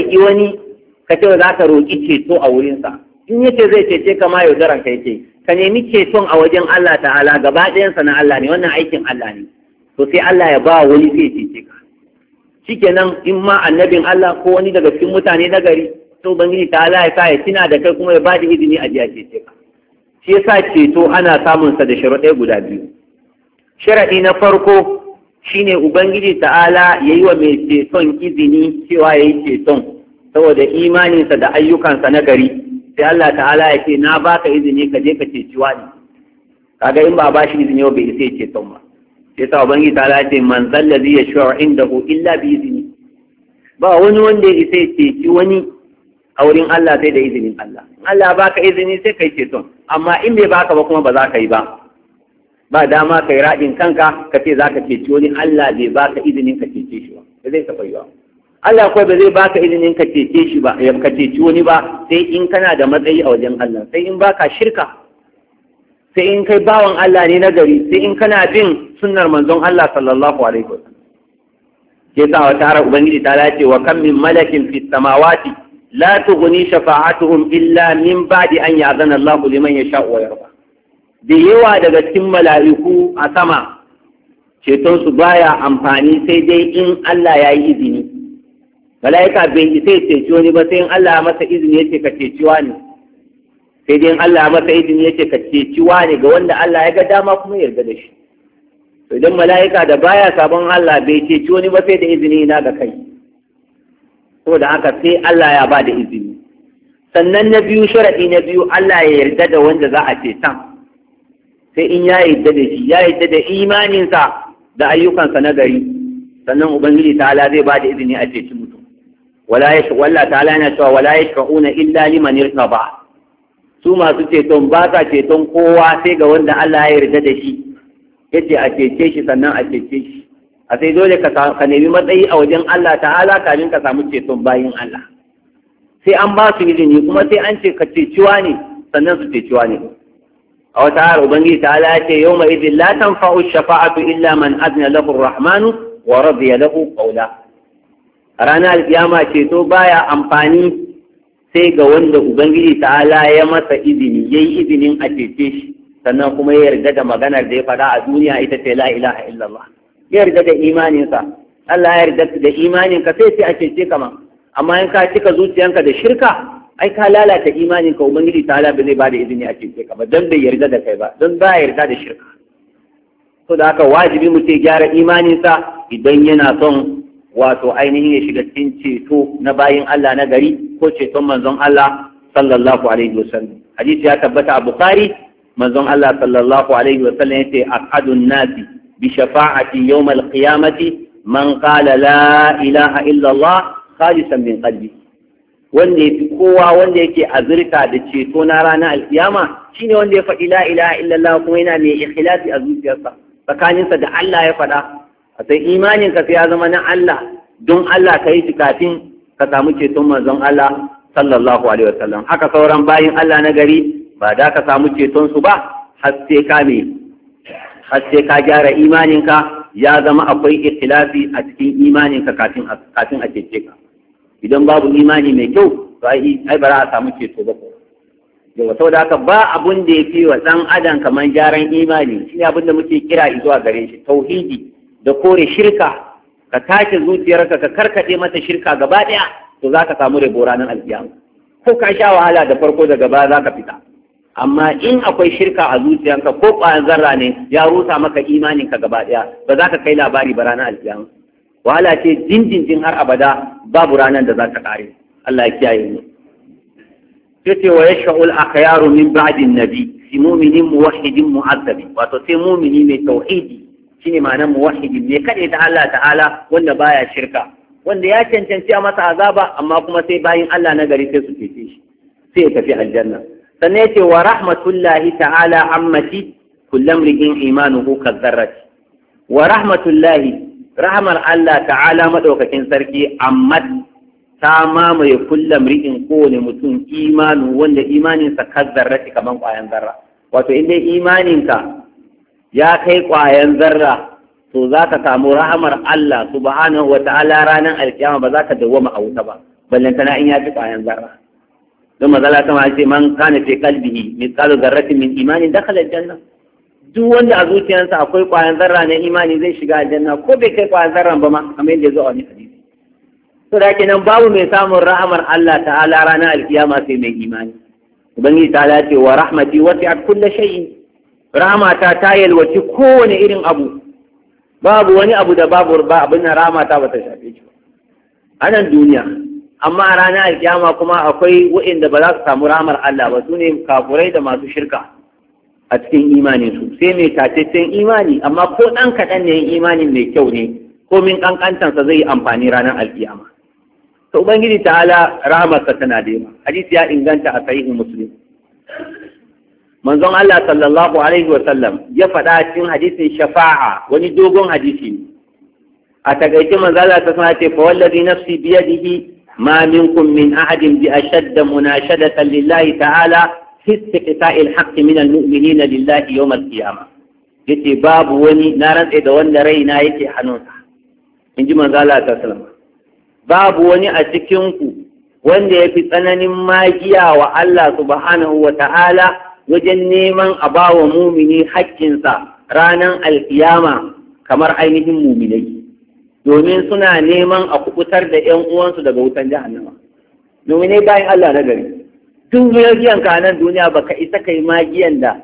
ki wani ka ce za ka roƙi ceto a wurinsa in yace zai cece ka ma yaudaran ka yake ka nemi ceton a wajen Allah ta'ala gaba ɗayansa na Allah ne wannan aikin Allah ne to sai Allah ya ba wani sai cece ka shikenan in ma annabin Allah ko wani daga cikin mutane na gari to ubangiji ta'ala ya sa ya tina da kai kuma ya ba da izini a jiya cece ka shi yasa ceto ana samun sa da ɗaya guda biyu sharaɗi na farko shine ubangiji ta'ala yi wa mai ceton izini cewa ya yi ceton saboda imaninsa da ayyukansa na gari sai Allah ta'ala ya ce na baka izini ka je ka ceci Ka kaga in ba bashi izini ba bai sai ce ton ba sai sa ubangi ta'ala ya ce man zallazi inda ko illa bi izini ba wani wanda ya isa ya ceci wani a wurin Allah sai da izinin Allah Allah baka izini sai kai ceton amma in bai baka ba kuma ba za ka yi ba ba dama kai raɗin kanka ka ce za ka ceci wani Allah bai baka izinin ka ce shi ba zai taɓa ba Allah kuwa ba zai baka izinin ka cece shi ba ya ka wani ba sai in kana da matsayi a wajen Allah sai in baka shirka sai in kai bawan Allah ne na gari sai in kana bin sunnar manzon Allah sallallahu alaihi wasallam ke sa wata har ubangiji ta lace wa kam min malakin fi samawati la tughni shafa'atuhum illa min ba'di an ya'zana Allah liman yasha'u wa yarda da yawa daga cikin mala'iku a sama ceton su baya amfani sai dai in Allah ya yi izini mala'ika bai sai ya ceci wani ba sai in Allah masa izini ce ka ceci ne. sai dai in Allah masa izini ce ka ceci ne, ga wanda Allah ya ga dama kuma yarda da shi to idan mala'ika da baya sabon Allah bai ceci wani ba sai da izini na ga kai saboda haka sai Allah ya ba da izini sannan na biyu sharaɗi na biyu Allah ya yarda da wanda za a cetan sai in ya yarda da shi ya yarda da imaninsa da ayyukansa na gari sannan ubangiji ta ala zai ba da izini a ceci wala ya walla ta yana cewa wala ya yashfa'una illa liman ba. su masu ceton ba sa ceton kowa sai ga wanda Allah ya yarda da shi yace a cece shi sannan a cece shi a sai dole ka nemi matsayi a wajen Allah ta'ala kafin ka samu ceton bayin Allah sai an ba su izini kuma sai an ce ka ceciwa ne sannan su ceciwa ne a wata har ubangiji ta ala ce yau mai izin la tanfa'u shafa'atu illa man azna lahu rahmanu wa radiya lahu qawla rana ranar alkiyama ceto baya amfani sai ga wanda ubangiji ta'ala ya masa izini yayi izinin a cece shi sannan kuma ya yarda da maganar da ya faɗa a duniya ita ce la ilaha illallah ya yarda da imaninsa Allah ya yarda da imaninka sai sai a cece ka ma amma in ka cika zuciyanka da shirka ai ka lalata imaninka ubangiji ta'ala ba zai bada izini a cece ka ba dan bai yarda da kai ba dan ba yarda da shirka to da haka wajibi mu ce gyara imaninsa idan yana son wato ainihin ya shiga cikin ceto na bayin Allah na gari ko ceton manzon Allah sallallahu alaihi wasallam hadisi ya tabbata a bukhari manzon Allah sallallahu alaihi wasallam yace aqadun nasi bi shafa'ati yawm al man qala la ilaha illa Allah khalisan min qalbi wanda yafi kowa wanda yake azurta da ceto na ranar alkiyama shine wanda ya faɗi la ilaha illa Allah kuma yana mai ikhlasi a zuciyarsa tsakaninsa da Allah ya faɗa a sai imanin ka sai ya zama na Allah don Allah ka yi shi kafin ka samu ceton manzon Allah sallallahu alaihi wasallam haka sauran bayin Allah na gari ba da ka samu ceton su ba har sai ka me har sai ka gyara imaninka ya zama akwai ikhtilafi a cikin imaninka kafin kafin a cece ka idan babu imani mai kyau to ai ai bara a samu ceto ba ko yawa saboda haka ba abun da ya fi wa ɗan adam kamar gyaran imani shi ne abin da muke kira izuwa gare shi tauhidi da kore shirka ka take zuciyarka ka karkade mata shirka gaba daya to za ka samu rabo ranar alkiyama ko ka sha wahala da farko da gaba za ka fita amma in akwai shirka a zuciyarka, ko ƙwayan zarra ne ya rusa maka imaninka gaba daya ba za ka kai labari ba ranar alkiyama wahala ce jinjinjin har abada babu ranar da za ka kare. Allah ya kiyaye mu yace wa yashfa'ul akhyaru min ba'din nabi si mu'minin muwahhidin mu'azzabi wato sai mu'mini mai tauhidi shine ma'anar muwahhidin ne kaɗai ta Allah ta'ala wanda baya shirka wanda ya cancanci a masa azaba amma kuma sai bayin Allah na gari sai su cece shi sai ya tafi aljanna sannan yace wa rahmatullahi ta'ala ammati kullam ri'in imanuhu kadzarrati wa rahmatullahi rahmar Allah ta'ala madaukakin sarki ammat ta mamaye kullum ri'in kowane mutum imanu wanda imaninsa kadzarrati kaman kwayan zarra wato inda imaninka ya kai ƙwayan zarra to za ka samu rahamar Allah subhanahu wa ta'ala ranar alkiyama ba za ka dawwama a wuta ba tana in ya fi ƙwayan zarra don mazala kama ce man kana fi kalbihi misalu zarratin min imanin dakhala aljanna duk wanda a zuciyarsa akwai ƙwayan zarra na imani zai shiga aljanna ko bai kai ƙwayan zarra ba ma kamar yadda ya zo a wani hadisi to da kenan babu mai samun rahamar Allah ta'ala ranar alkiyama sai mai imani ubangiji ta ce wa rahmati wasi'at kulli shay'in Ramata ta yalwaci kowane irin abu babu wani abu da babu ba abin da ba ta shafe shi a duniya amma a ranar alkiyama kuma akwai waɗanda ba za su samu ramar Allah ba su ne kafurai da masu shirka a cikin imani su sai mai tatattun imani amma ko ɗan kaɗan ne imanin mai kyau ne ko min ƙanƙantansa zai yi amfani ranar alkiyama ta ubangiji ta'ala ramarsa tana da yawa hadisi ya inganta a sahihin Musulmi. manzon Allah sallallahu alaihi wa sallam ya faɗa cikin hadisin shafa'a wani dogon hadisi a takaice manzon Allah ta sana ce fa wallazi nafsi bi yadihi ma minkum min ahadin bi ashadda munashadatan lillahi ta'ala fi istiqsa'il haqqi min almu'minina lillahi yawm al-qiyamah yace babu wani na rantsa da wanda raina yake hannunsa in ji manzon Allah ta sallama babu wani a cikin ku wanda ya fi tsananin magiya wa Allah subhanahu wa ta'ala wajen neman a ba wa mumini haƙƙinsa ranar alkiyama kamar ainihin muminai domin suna neman a kubutar da ‘yan uwansu daga wutan jahannama muminai bayan Allah na gari tun biyan ka nan duniya baka isa kai magiyan da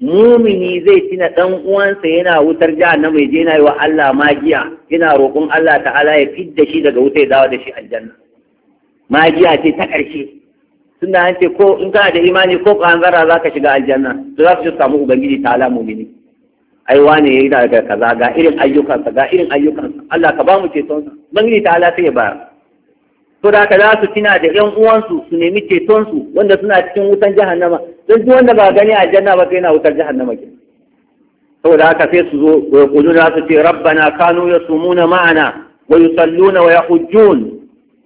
mumini zai tina ɗan uwansa yana wutar jahannama ya je yana yi wa Allah magiya yana roƙon Allah ta'ala ya fidda shi daga wuta ya dawo da shi aljanna magiya ce ta ƙarshe tunda an ce ko in kana da imani ko kanzara za ka shiga aljanna to za su samu ubangiji ta ala mumini ai wane yayi da kaza ga irin ayyukansa ga irin ayyukansa Allah ka ba mu ceton sa ubangiji ta ala sai ya bayar to da ka za su tina da 'yan uwansu su nemi ceton su wanda suna cikin wutan jahannama dan duk wanda ba gani aljanna ba kai na wutar jahannama ke saboda haka sai su zo wa za su ce rabbana kanu yasumuna ma'ana wa yusalluna wa yahujjun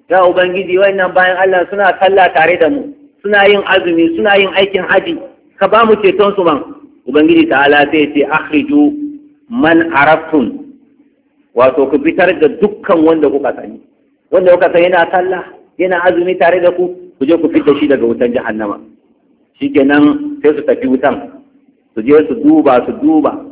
ya ubangiji wannan bayan Allah suna sallah tare da mu suna yin azumi suna yin aikin haji ka ba mu cetonsu su man ubangiji ta'ala sai ce akhriju man arafun. wato ku fitar da dukkan wanda kuka sani wanda kuka sani yana sallah yana azumi tare da ku ku je ku fitar shi daga wutan jahannama shikenan sai su tafi wutan su je su duba su duba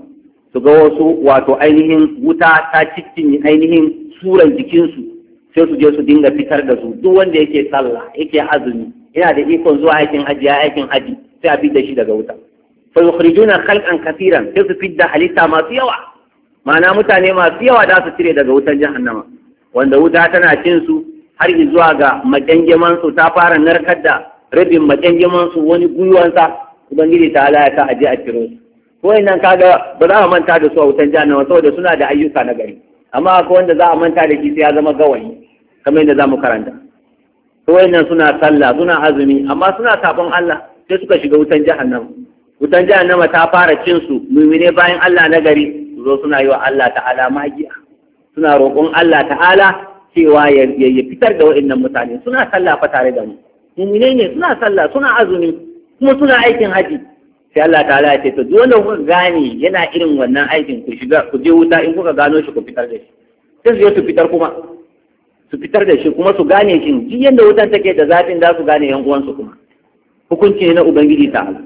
su ga wasu wato ainihin wuta ta cikin ainihin suran jikinsu sai su je su dinga fitar da su duk wanda yake sallah yake azumi yana da ikon zuwa aikin haji ya aikin haji sai a fidda shi daga wuta fa yukhrijuna khalqan kaseeran sai su fidda halitta masu yawa ma'ana mutane masu yawa da su cire daga wutan jahannama wanda wuta tana cin su har zuwa ga majangeman su ta fara narkar da rabin majangeman su wani gwiwansa ubangiji ta halaya ta aje a ciro su ko nan kaga ba za a manta da su a wutan jahannama saboda suna da ayyuka na gari amma akwai wanda za a manta da shi sai ya zama gawayi kamar yadda mu karanta to wayannan suna sallah suna azumi amma suna tafin Allah sai suka shiga wutan jahannam wutan jahannama ta fara cin su mumine bayan Allah na gari su zo suna yi wa Allah ta'ala magiya suna roƙon Allah ta'ala cewa ya fitar da wayannan mutane suna sallah fa tare da mu mumine ne suna sallah suna azumi kuma suna aikin haji sai Allah ta'ala ya ce to wanda kuka gane yana irin wannan aikin ku shiga ku je wuta in kuka gano shi ku fitar da shi sai su fitar kuma su fitar da shi kuma su gane shi duk yadda wutan take da zafin za su gane yan uwansu kuma hukunci ne na ubangiji ta Allah.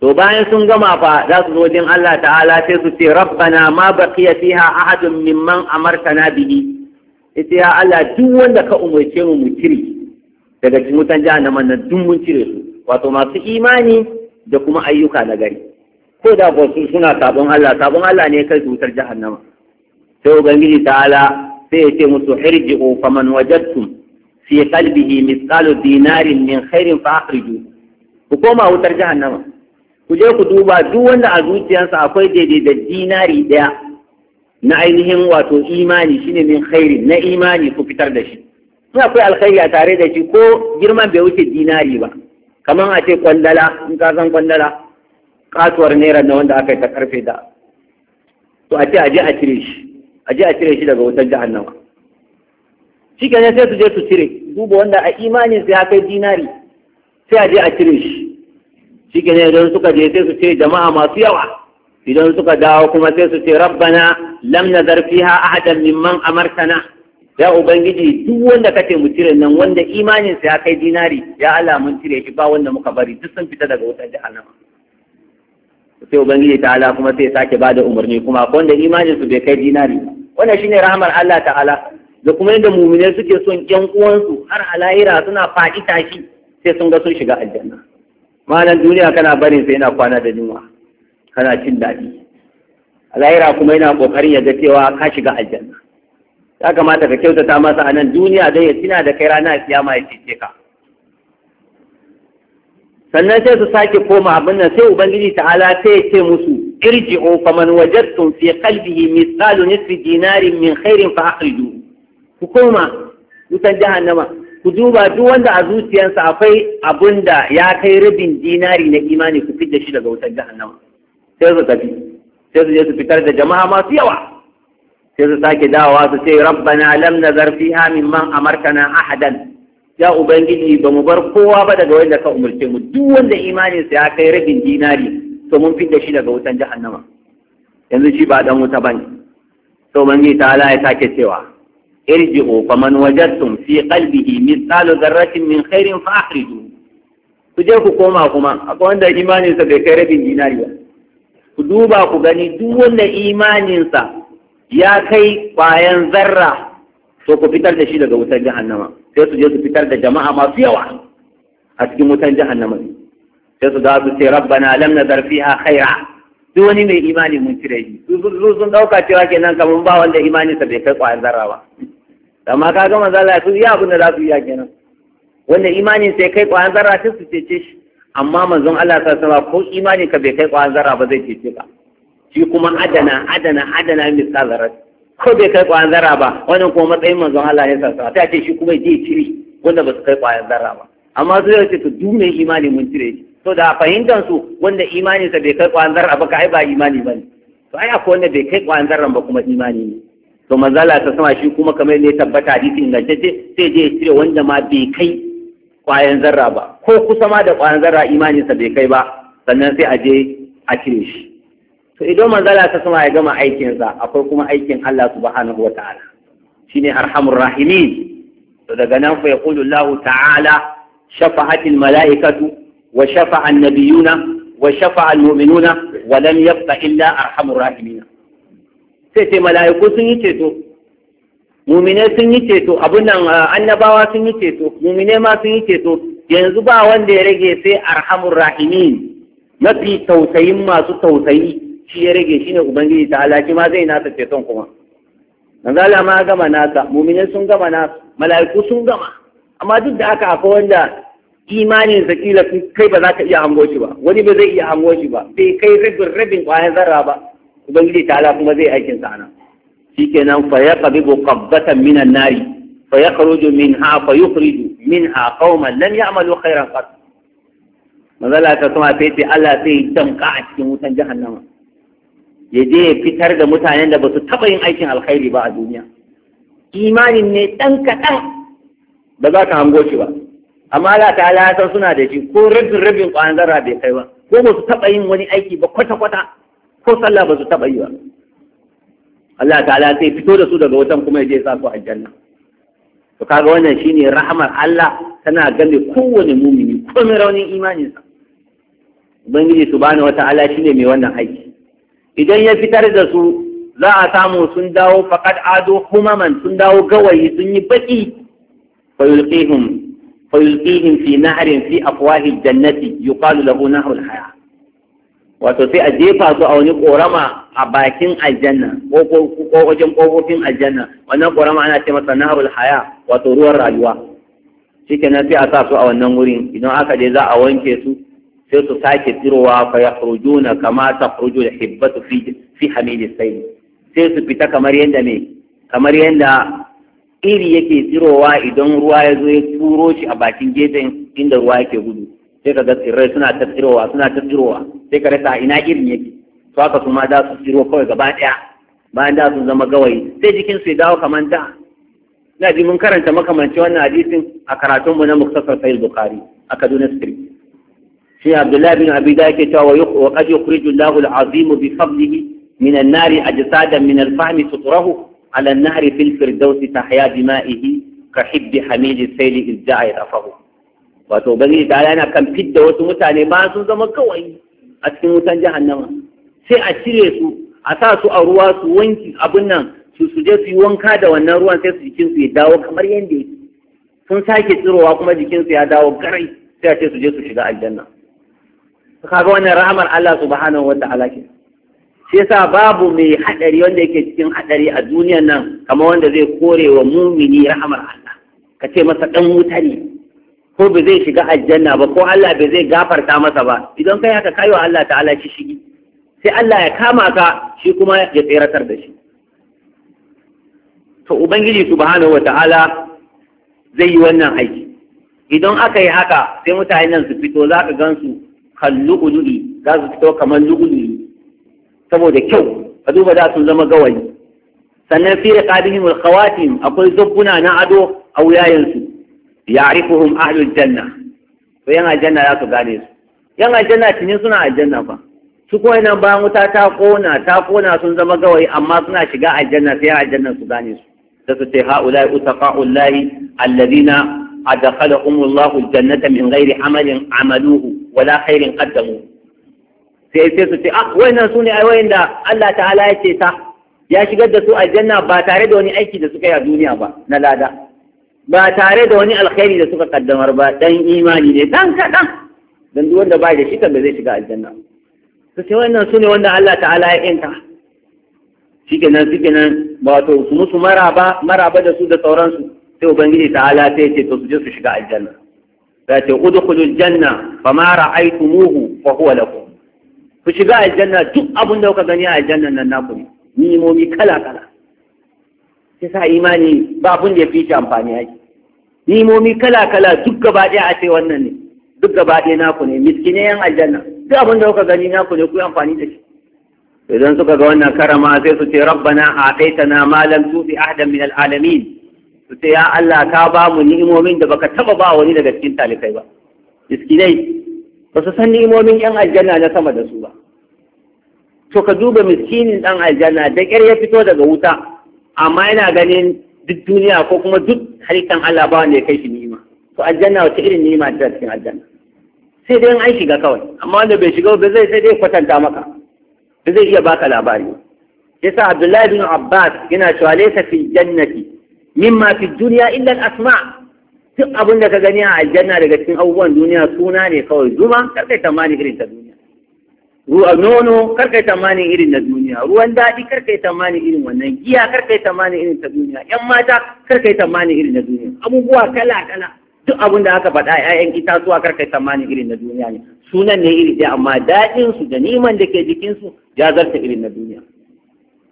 to bayan sun gama fa za su zo wajen Allah ta'ala sai su ce rabbana ma baqiya fiha ahadun mimman amartana bihi ita ya Allah duk wanda ka umarce mu mu cire daga cikin wutan jahannama nan duk mun cire su wato masu imani da kuma ayyuka na gari ko da ba su suna sabon Allah sabon Allah ne kai su wutar jahannama sai ubangiji ta'ala sai ya ce musu hirji'u faman wajadtum fi qalbihi mithqalu dinarin min khairin fa akhriju ku koma wutar jahannama ku je ku duba duk wanda a zuciyarsa akwai daidai da dinari daya na ainihin wato imani shine min khairi na imani ku fitar da shi in akwai alkhairi a tare da shi ko girman bai wuce dinari ba kamar a ce kwandala in ka san kwandala katuwar naira na wanda aka yi ta karfe da to a ce a je a cire shi a je a cire shi daga wutar jahannama shi ke sai su je su cire duba wanda a imanin sai haka dinari sai a je a cire shi shi ke idan suka je sai su ce jama'a masu yawa idan suka dawo kuma sai su ce rabbana lam nazar fiha ahadan mimman amartana ya ubangiji duk wanda kace mu cire nan wanda imanin sai ya kai dinari ya Allah mun cire shi ba wanda muka bari duk sun fita daga wutar jahannama sai ubangiji ta ala kuma sai sake bada umarni kuma wanda imanin su bai kai dinari ba wannan shine rahmar Allah ta'ala da kuma yadda mumine suke son ƴan uwansu har a lahira suna faɗi tashi sai sun ga sun shiga aljanna malan duniya kana barin sai yana kwana da yunwa kana cin daɗi a lahira kuma yana ƙoƙarin ya ga cewa ka shiga aljanna ya kamata ka kyautata masa a nan duniya don ya tuna da kai rana ma ya cece ka sannan sai su sake koma abin nan sai ubangiji ta'ala sai ya ce musu irji'u faman wajadtum fi qalbihi mithqalu nisfi dinarin min khairin fa akhriju ku koma wutan jahannama ku duba duk wanda a zuciyarsa akwai abun da ya kai rabin dinari na imani ku fidda shi daga wutar jahannama sai su tafi sai su je su fitar da jama'a masu yawa sai su sake dawowa su ce rabbana lam nazar fiha mimman amartana ahadan ya ubangiji ba mu bar kowa ba daga wanda ka umurce mu duk wanda imaninsa ya kai rabin dinari to mun fidda shi daga wutan jahannama yanzu shi ba dan wuta bane to bangi ta ala ya sake cewa irji'u faman wajadtum fi qalbihi mithqalu dharratin min khairin fa akhriju ku je ku koma kuma akwai wanda imanin sa bai kai rabin dinari ba. ku duba ku gani duk wanda imanin sa ya kai kwayan zarra to ku fitar da shi daga wutan jahannama sai su je su fitar da jama'a masu yawa a cikin wutan jahannama ne sai su za su ce rabbana lam nazar fiha khaira duk wani mai imani mun cire shi su sun ɗauka cewa kenan kamar ba wanda imani sa bai kai kwayar zarra ba amma ka ga manzo Allah su yi abin da za su iya kenan wanda imani sai kai kwayar zarra sai su cece shi amma manzon Allah sa sama ko imani ka bai kai kwayar zarra ba zai cece ka shi kuma adana adana adana mai zarra ko bai kai kwayar zarra ba wannan kuma matsayin manzon Allah ya sa sa ta ce shi kuma zai cire wanda ba su kai kwayar zarra ba amma su yau ce duk mai imani mun cire shi to da fahimtar su wanda imani sa bai kai kwanzar zarra ba ai ba imani bane to ai akwai wanda bai kai kwanzar zarra ba kuma imani ne to manzala ta sama shi kuma kamar ne tabbata hadisi ingantacce sai je cire wanda ma bai kai kwayan zarra ba ko kusa ma da kwayan zarra imani sa bai kai ba sannan sai a je a cire shi to idan manzala ta sama ya gama aikin sa akwai kuma aikin Allah subhanahu wataala shine arhamur rahimin to daga nan fa yaqulu Allah ta'ala shafa'atil mala'ikatu wa shafa annabiyuna wa shafa almu'minuna wa lam yabqa illa arhamur rahimin sai sai mala'iku sun yi ceto mumine sun yi ceto abun nan annabawa sun yi ceto mumine ma sun yi ceto yanzu ba wanda ya rage sai arhamur rahimin mafi tausayin masu tausayi shi ya rage shine ubangiji ta alaki ma zai nasa ceton kuma manzo ma gama nasa mu'minin sun gama nasa mala'iku sun gama amma duk da aka aka wanda imanin da kai ba za ka iya hango shi ba wani ba zai iya hango shi ba bai kai rabin rabin kwayan zarra ba ubangiji ala kuma zai aikin sa nan shikenan fa yaqbidu qabbatan minan nari fa yakhruju minha fa yukhriju minha qauman lam ya'malu khairan qat manzala ta kuma sai ce Allah sai ya damka a cikin wutan jahannama ya je ya fitar da mutanen da ba su taɓa yin aikin alkhairi ba a duniya imanin ne ɗan kaɗan ba za ka hango shi ba amma Allah ta'ala ya san suna da shi ko rabin rabin kwanan zarra bai kai ba ko ba su taɓa yin wani aiki ba kwata-kwata ko sallah ba su taɓa yi ba Allah ta'ala sai fito da su daga wutan kuma ya je sa su aljanna to kaga wannan shine rahmar Allah tana game kowane mumini komai raunin imaninsa ubangiji subhanahu wata'ala shine mai wannan aiki idan ya fitar da su za a samu sun dawo faqad ado humaman sun dawo gawayi sun yi baki fa yulqihum fi na فيلقيهم في نهر في أفواه الجنة يقال na نهر haya. wato sai a jefa su a wani korama a bakin aljanna ko wajen kofofin aljanna wannan korama ana ce masa naharul haya wato ruwan rayuwa shikenan sai a sa su a wannan wurin idan aka je za a wanke su sai su sake tsirowa fa ya yakhrujuna kama da hibbatu fi fi hamil sayl sai su fita kamar yadda me kamar yanda iri yake tsirowa idan ruwa ya zo ya turo shi a bakin gefen inda ruwa yake gudu sai ka ga tsirrai suna ta tsirowa suna ta tsirowa sai ka rasa ina irin yake to haka su ma za su tsiro kawai gaba ɗaya bayan da sun zama gawayi sai jikin su ya dawo kamar da ina ji mun karanta makamanci wannan hadisin a karatunmu na muktasar sahih bukhari a kaduna street shi abdullahi bin abi da yake cewa wa qad yukhrijullahu al-azim bi fadlihi min an-nari ajsadan min al-fahmi suturahu على النهر في الفردوس تحيا بمائه كحب حميد السيل إذ جاء يرفعه wato bari dala yana kan fidda wasu mutane ba sun zama kawai a cikin wutan jahannama sai a cire su a sa su a ruwa su wanki abin nan su su je su yi wanka da wannan ruwan sai su jikin su ya dawo kamar yadda yake sun sake tsirowa kuma jikin su ya dawo garai sai a ce su je su shiga aljanna kaga wannan rahamar Allah subhanahu wa ta'ala kenan shi yasa babu mai haɗari wanda yake cikin haɗari a duniyan nan kamar wanda zai kore wa mumini rahamar Allah ka ce masa dan wuta ne ko ba zai shiga aljanna ba ko Allah bai zai gafarta masa ba idan kai haka kai wa Allah ta'ala shi shigi sai Allah ya kama ka shi kuma ya tseratar da shi to ubangiji subhanahu wata'ala zai yi wannan aiki idan aka yi haka sai mutanen su fito za ka gan su kan lu'ulu'i za su fito kamar lu'ulu'i saboda kyau ka duba da sun zama gawayi sannan fi riqabihim alkhawatim akwai zubbuna na ado a wuyayensu ya'rifuhum ahlul janna to yan aljanna za su gane su yan aljanna tinin suna aljanna fa su kuma nan bayan wuta ta kona ta kona sun zama gawayi amma suna shiga aljanna sai aljanna su gane su da su ce ha'ula'i utaqa'ullahi alladhina adkhalahumullahu aljannata min ghairi amalin amaluhu wala khairin qaddamuhu sai sai su ce ah wayannan su ne ai da Allah ta'ala ya ce ta ya shigar da su aljanna ba tare da wani aiki da suka yi a duniya ba na lada ba tare da wani alkhairi da suka kaddamar ba dan imani ne dan kadan dan duk wanda bai da shi kan zai shiga aljanna to sai wannan ne wanda Allah ta'ala ya yanka shikenan shikenan ba wato su musu maraba maraba da su da sauransu sai ubangiji ta'ala sai ce to su je su shiga aljanna ta ce udkhulul janna fama ra'aytumuhu fa huwa lakum ku shiga aljanna duk abin da kuka gani a aljannan nan naku ne ni'imomi kala kala sai sa imani ba abin da ya fi amfani yake ni'imomi kala kala duk gaba ɗaya a ce wannan ne duk gaba ɗaya naku ne miskine yan aljanna duk abin da kuka gani naku ne ku yi amfani da shi idan suka ga wannan karama sai su ce rabbana a'taitana ma lam tu'ti ahadan min Alamin. su ce ya Allah ka ba mu ni'imomin da baka taba ba wani daga cikin talikai ba miskinai ba su san nimomin yan aljanna na sama da su ba to ka duba miskinin dan aljanna da ƙyar ya fito daga wuta amma yana ganin duk duniya ko kuma duk halittan Allah ba wanda ya kai shi ni'ima to aljanna wata irin ni'ima ta cikin aljanna sai dai an shiga kawai amma wanda bai shiga ba zai sai dai kwatanta maka ba zai iya baka labari yasa Abdullahi bin Abbas yana cewa laysa fi jannati mimma fi dunya illa asma duk abin da ka gani a aljanna daga cikin abubuwan duniya suna ne kawai zuma karkai yi tamanin irin ta duniya ruwa nono karkai yi tamanin irin na duniya ruwan daɗi karkai yi tamanin irin wannan giya karkai yi tamanin irin ta duniya yan mata karkai yi tamanin irin na duniya abubuwa kala kala duk abin da aka faɗa ƴaƴan itatuwa karkai yi tamanin irin na duniya ne sunan ne iri ɗaya amma daɗinsu da niman da ke jikinsu ya zarta irin na duniya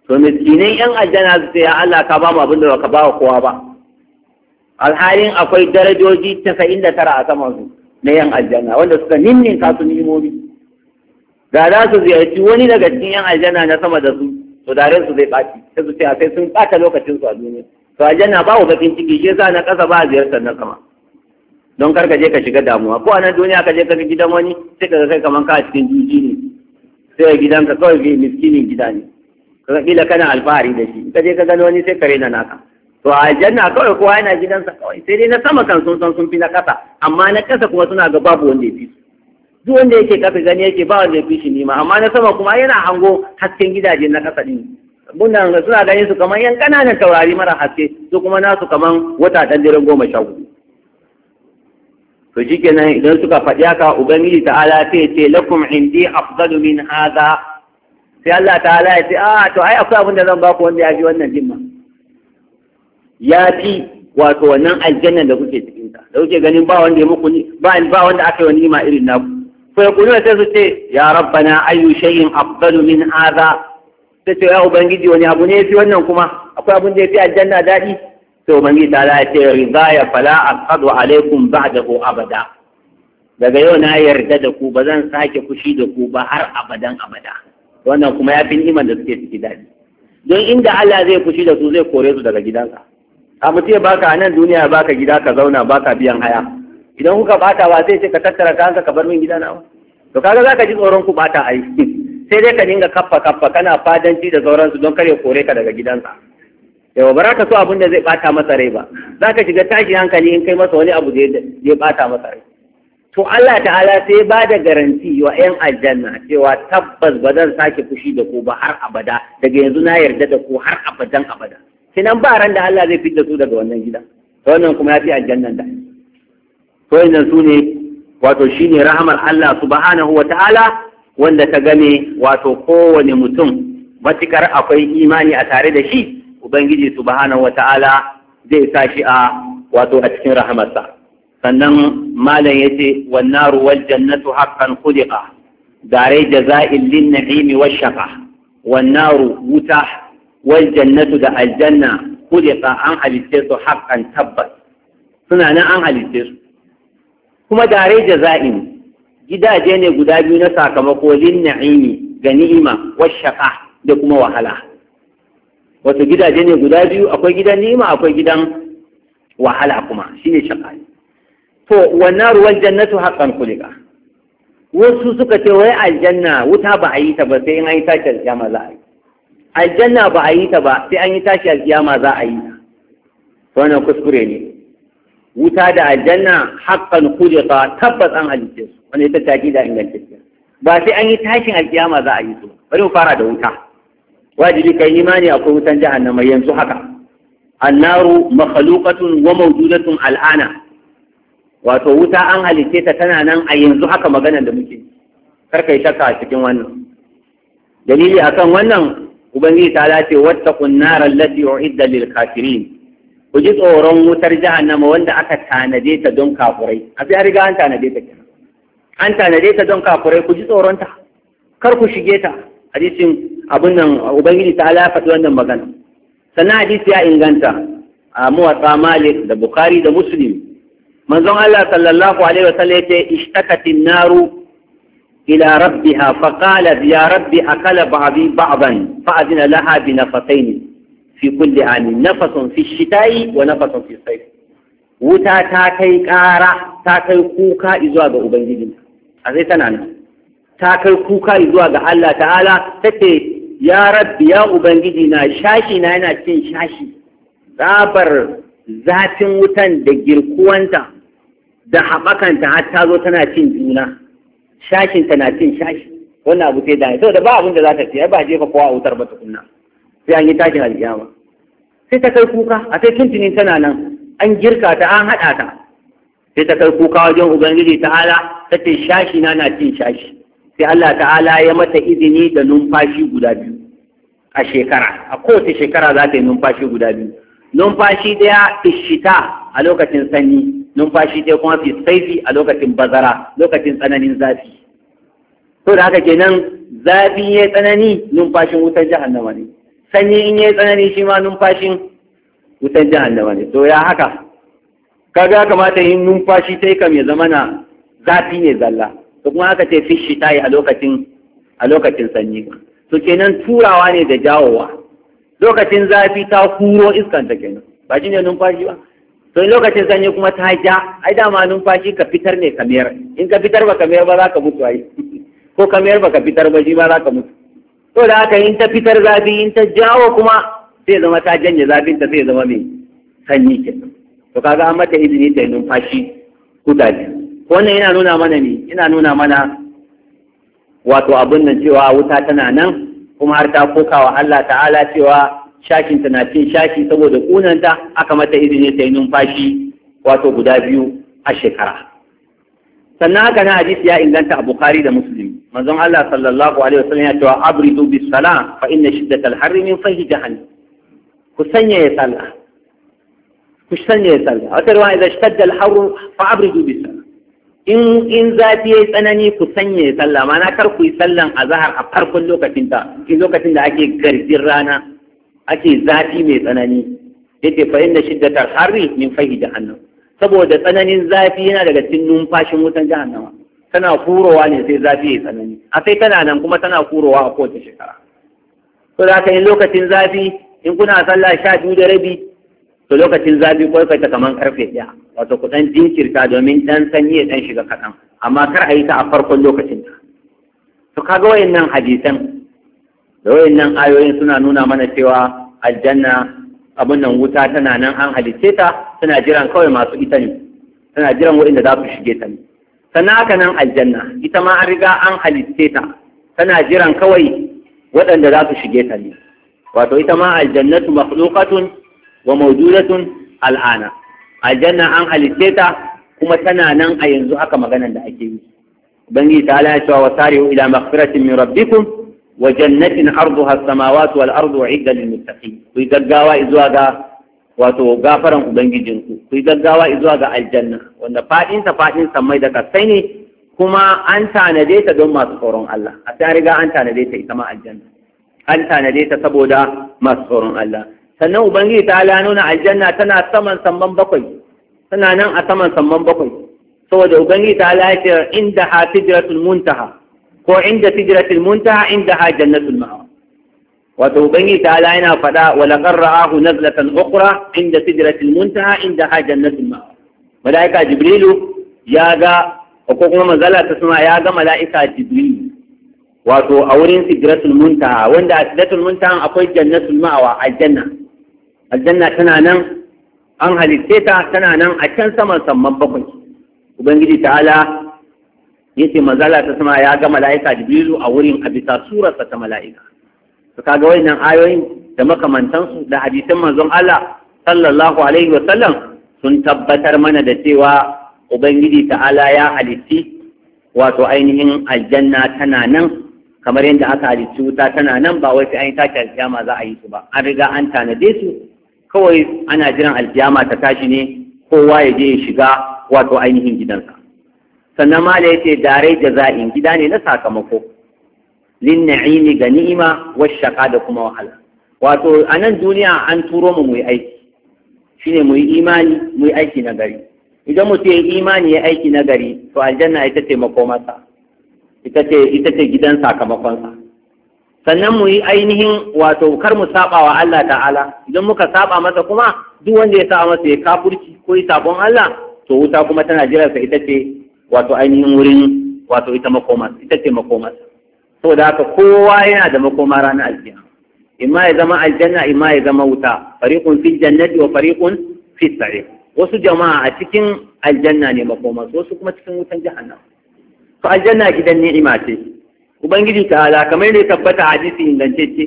to miskinai yan aljanna su ce ya Allah ka ba mu abin da ba ka ba wa kowa ba alhalin akwai darajoji casa'in da tara a saman su na yan aljanna wanda suka ninnin kasu nimomi ga za su ziyarci wani daga cikin yan aljanna na sama da su to daren su zai ɓaci sai su ce a sai sun ɓata lokacin su a duniya to aljanna babu bakin ciki shi yasa na ƙasa ba ziyartar na sama don kar ka je ka shiga damuwa ko a nan duniya ka je ka gidan wani sai ka kai kaman ka a cikin juji ne sai gidanka kawai miskinin gida ne kaga kila kana alfahari da shi ka je ka gano wani sai ka rena naka to a janna kawai kowa yana gidansa kawai sai dai na sama kan sun san sun fi na kasa amma na kasa kuma suna ga babu wanda ya fi su duk wanda yake kasa gani yake ba wanda ya fi shi nima amma na sama kuma yana hango hasken gidaje na kasa din bunan suna ganin su kamar yan kananan taurari mara haske su kuma nasu kamar wata dan diran goma sha hudu to shikenan idan suka faɗi haka ubangiji ta'ala sai ce lakum indi afdalu min hadha sai Allah ta'ala ya ce a ah, to ai akwai abin da zan baku wanda ya fi wannan jimma ya fi wato wannan aljannan da kuke cikin ta da kuke ganin ba wanda ya muku ni ba ba wanda aka yi wani ni'ima irin naku fa yaqulu sai su ce ya rabbana ayu shay'in afdalu min hadha sai ce ya ubangiji wani abu ne yafi wannan kuma akwai abun da yafi aljanna dadi to ubangiji ta ya ce ridaya fala aqadu alaikum ba'dahu abada daga yau na yarda da ku ba zan sake kushi da ku ba har abadan abada wannan kuma ya fi ni'imar da suke ciki dadi don inda Allah zai fushi da su zai kore su daga gidansa a mutum ya baka a nan duniya ya baka gida ka zauna baka biyan haya idan kuka bata wa zai ce ka tattara hanka ka bar min gida na to kaga zaka ji tsoron ku bata ai <laughs> sai dai ka dinga kaffa kaffa kana fadanci da sauransu don kare kore ka daga gidansa yawa ba za ka so abin da zai bata masa rai ba za ka shiga tashi hankali in kai masa wani abu da zai bata masa rai to Allah ta'ala sai ba da garanti wa 'yan aljanna cewa tabbas ba zan sake fushi da ku ba har abada daga yanzu na yarda da ku har abadan abada kinan ba ran da Allah zai fitar su daga wannan gida to wannan kuma ya fi aljannan da to yanzu su ne wato shine rahamar Allah subhanahu wa ta'ala wanda ta game wato kowane mutum matukar akwai imani a tare da shi ubangiji subhanahu wa ta'ala zai sa shi a wato a cikin rahamarsa sannan malam yace wan naru wal jannatu haqqan khuliqa dare jaza'il lin na'imi wash shaqa wan wuta wal jannatu da aljanna khuliqa an halitte su haqqan tabbas suna nan an halitte su kuma dare jaza'in gidaje ne guda biyu na sakamako lin na'imi ga ni'ima washaqa da kuma wahala wato gidaje ne guda biyu akwai gidan ni'ima akwai gidan wahala kuma shine shaqa to wannan ruwan jannatu haqqan khuliqa wasu suka ce wai aljanna wuta ba a yi ta ba sai in an yi ta kyalkyama za a yi aljanna ba a yi ta ba sai an yi tashi alkiyama za a yi ta wannan kuskure ne wuta da aljanna haqqan khuliqa tabbas an halitta su wani ita ta da ingantacce ba sai an yi tashin alkiyama za a yi su bari mu fara da wuta wajibi kai imani akwai wutan jahannama yanzu haka annaru makhluqatun wa mawjudatun al'ana wato wuta an halitta ta tana nan a yanzu haka maganar da muke kar kai shakka a cikin wannan dalili akan wannan ubangiji ta dace wattaqun nar allati uidda lil kafirin ku ji tsoron wutar jahannama wanda aka tanade ta don kafurai a sai riga an tanade ta kenan an tanade ta don kafurai ku ji tsoron ta kar ku shige ta hadisin abun nan ubangiji ta ala faɗi wannan magana sannan hadisi ya inganta a muwatsa malik da bukhari da muslim manzon Allah sallallahu alaihi wa sallam ce ishtakatin naru إلى ربها فقالت يا رب أكل بعضي بعضا فأذن لها بنفسين في كل عام نفس في الشتاء ونفس في الصيف wuta ta kai ƙara ta kai kuka zuwa ga Ubangiji a zai tana nan ta kai kuka zuwa ga Allah ta'ala ta ce ya rabbi ya Ubangiji na shashi na yana cin shashi tsabar zafin wutan da girkuwanta da haɓakanta har ta zo tana cin juna shashin ta na cin shashi wannan abu sai dani saboda ba abin da za ta ce ai ba jefa kowa a wutar ba tukunna sai an yi tashin alƙiyama sai ta kai kuka a sai tuntunin tana nan an girka ta an haɗa ta sai ta kai kuka wajen ubangiji ta'ala ta ce shashi na na cin shashi sai Allah ta'ala ya mata izini da numfashi guda biyu a shekara a kowace shekara za ta yi numfashi guda biyu numfashi ɗaya ishita a lokacin sanyi numfashi ɗaya kuma fi saifi a lokacin bazara lokacin tsananin zafi to da haka kenan zafi ya tsanani numfashin wutar jahannama ne sanyi in ya tsanani shi ma numfashin wutar jahannama ne to ya haka kaga kamata yin numfashi sai kam ya zama na zafi ne zalla to kuma aka ce fishi ta yi a lokacin a lokacin sanyi to kenan turawa ne da jawowa lokacin zafi ta huro iskan ta kenan ba shi ne numfashi ba to lokacin sanyi kuma ta ja ai dama numfashi ka fitar ne ka mayar in ka fitar ba ka mayar ba za ka mutu ai <laughs> ko ka mayar ba ka fitar ba shi ba za ka mutu to da haka in ta fitar zafi in ta jawo kuma sai zama ta janye zafin ta sai zama mai sanyi ke to kaga an mata izini ta numfashi guda biyu wannan yana nuna mana ne ina nuna mana wato abin nan cewa wuta tana nan kuma har ta kokawa wa Allah ta'ala cewa shakin ta na cin shaki saboda kunanta aka mata izini ta yi numfashi wato guda biyu a shekara sannan haka na hadisi ya inganta a bukhari da muslim manzon Allah sallallahu alaihi wasallam ya cewa abridu bis sala fa inna shiddatal harri min fahi jahannam ku sanya ya sallah ku sanya ya sallah wata ruwa idan shidda al harru fa abridu bis sala in in zafi yayi tsanani ku sanya ya sallah ma'ana kar ku yi sallan azhar a farkon lokacin ta in lokacin da ake garjin rana ake zafi mai tsanani yadda fa shiddatar shiddatal harri min fahi jahannam saboda tsananin zafi yana daga cikin numfashin wutan jahannama tana kurowa ne sai zafi ya tsanani a sai tana nan kuma tana kurowa a kowace shekara to da aka yi lokacin zafi in kuna sallah sha biyu da rabi to lokacin zafi ko kai ta kamar karfe ɗaya wato ku ɗan jinkirta domin dan sanyi ya dan shiga kaɗan amma kar a yi ta a farkon lokacin ta to kaga wayannan hadisan da nan ayoyin suna nuna mana cewa aljanna abin nan wuta tana nan an halicce ta tana jiran kawai masu ita ne tana jiran waɗanda za su shige ta ne sannan haka nan aljanna ita ma an riga an halicce ta tana jiran kawai waɗanda za su shige ta ne wato ita ma aljannatu makhluqatun wa mawjudatun al'ana aljanna an halicce ta kuma tana nan a yanzu haka maganar da ake yi ubangiji ta ala ya cewa sari'u ila maghfiratin min rabbikum wa jannatin arduha as-samawati wal ardu idda lil muttaqin ku gaggawa zuwa ga wato gafaran ubangijinku ku gaggawa zuwa ga aljanna wanda fadin ta fadin samai da kasai ne kuma an tanade ta don masu tsoron Allah a ta riga an tanade ta ita ma aljanna an tanade ta saboda masu tsoron Allah sannan ubangiji ta nuna aljanna tana saman samman bakwai tana nan a saman samman bakwai saboda ubangiji ta ala ya ce inda ha tijratul muntaha وعند تجرة المنتهى عندها جنة المعوى وتوبني تعالى هنا فلا ولقد رآه نزلة أخرى عند سجرة المنتهى عندها جنة المعوى ملائكة جبريل يا غا وكوكما مزالة تسمع يا غا ملائكة جبريل وتو أورين تجرة المنتهى وعند تجرة المنتهى أقول جنة المعوى الجنة الجنة تنعنا أنها لسيتها تنعنا أشان سمى سمى بقش وبنجي تعالى yace manzala ta sama ya ga mala'ika jibrilu a wurin a bisa surarsa ta mala'ika to kaga wannan ayoyin da makamantansu da hadisan manzon Allah sallallahu alaihi wa sallam sun tabbatar mana da cewa ubangiji ta'ala ya halitti wato ainihin aljanna tana nan kamar yadda aka halitti wuta tana nan ba wai sai an take alkiyama za a yi su ba an riga an tanade su kawai ana jiran alkiyama ta tashi ne kowa ya je ya shiga wato ainihin gidansa sannan ma da yace darai jaza'in gida ne na sakamako lin na'imi ga ni'ima wa shaqa da kuma wahala wato a nan duniya an turo mu muyi aiki shine muyi imani muyi aiki na gari idan mutum ya imani ya aiki na gari to aljanna ita ce mako ita ita ce gidan sakamakonsa sannan mu yi ainihin wato kar mu saba wa Allah ta'ala idan muka saba masa kuma duk wanda ya saba masa ya kafurci ko ya sabon Allah to wuta kuma tana jira sa ita ce wato ainihin wurin wato ita makomas ita ce makomas da haka kowa yana da makoma ranar aljanna. imma ya zama aljanna imma ya zama wuta fariqun fil jannati wa fariqun fis sa'ir wasu jama'a a cikin aljanna ne makomas wasu kuma cikin wutan jahannam to aljanna gidan ni'ima ce ubangiji ala kamar da tabbata hadisi ingantacce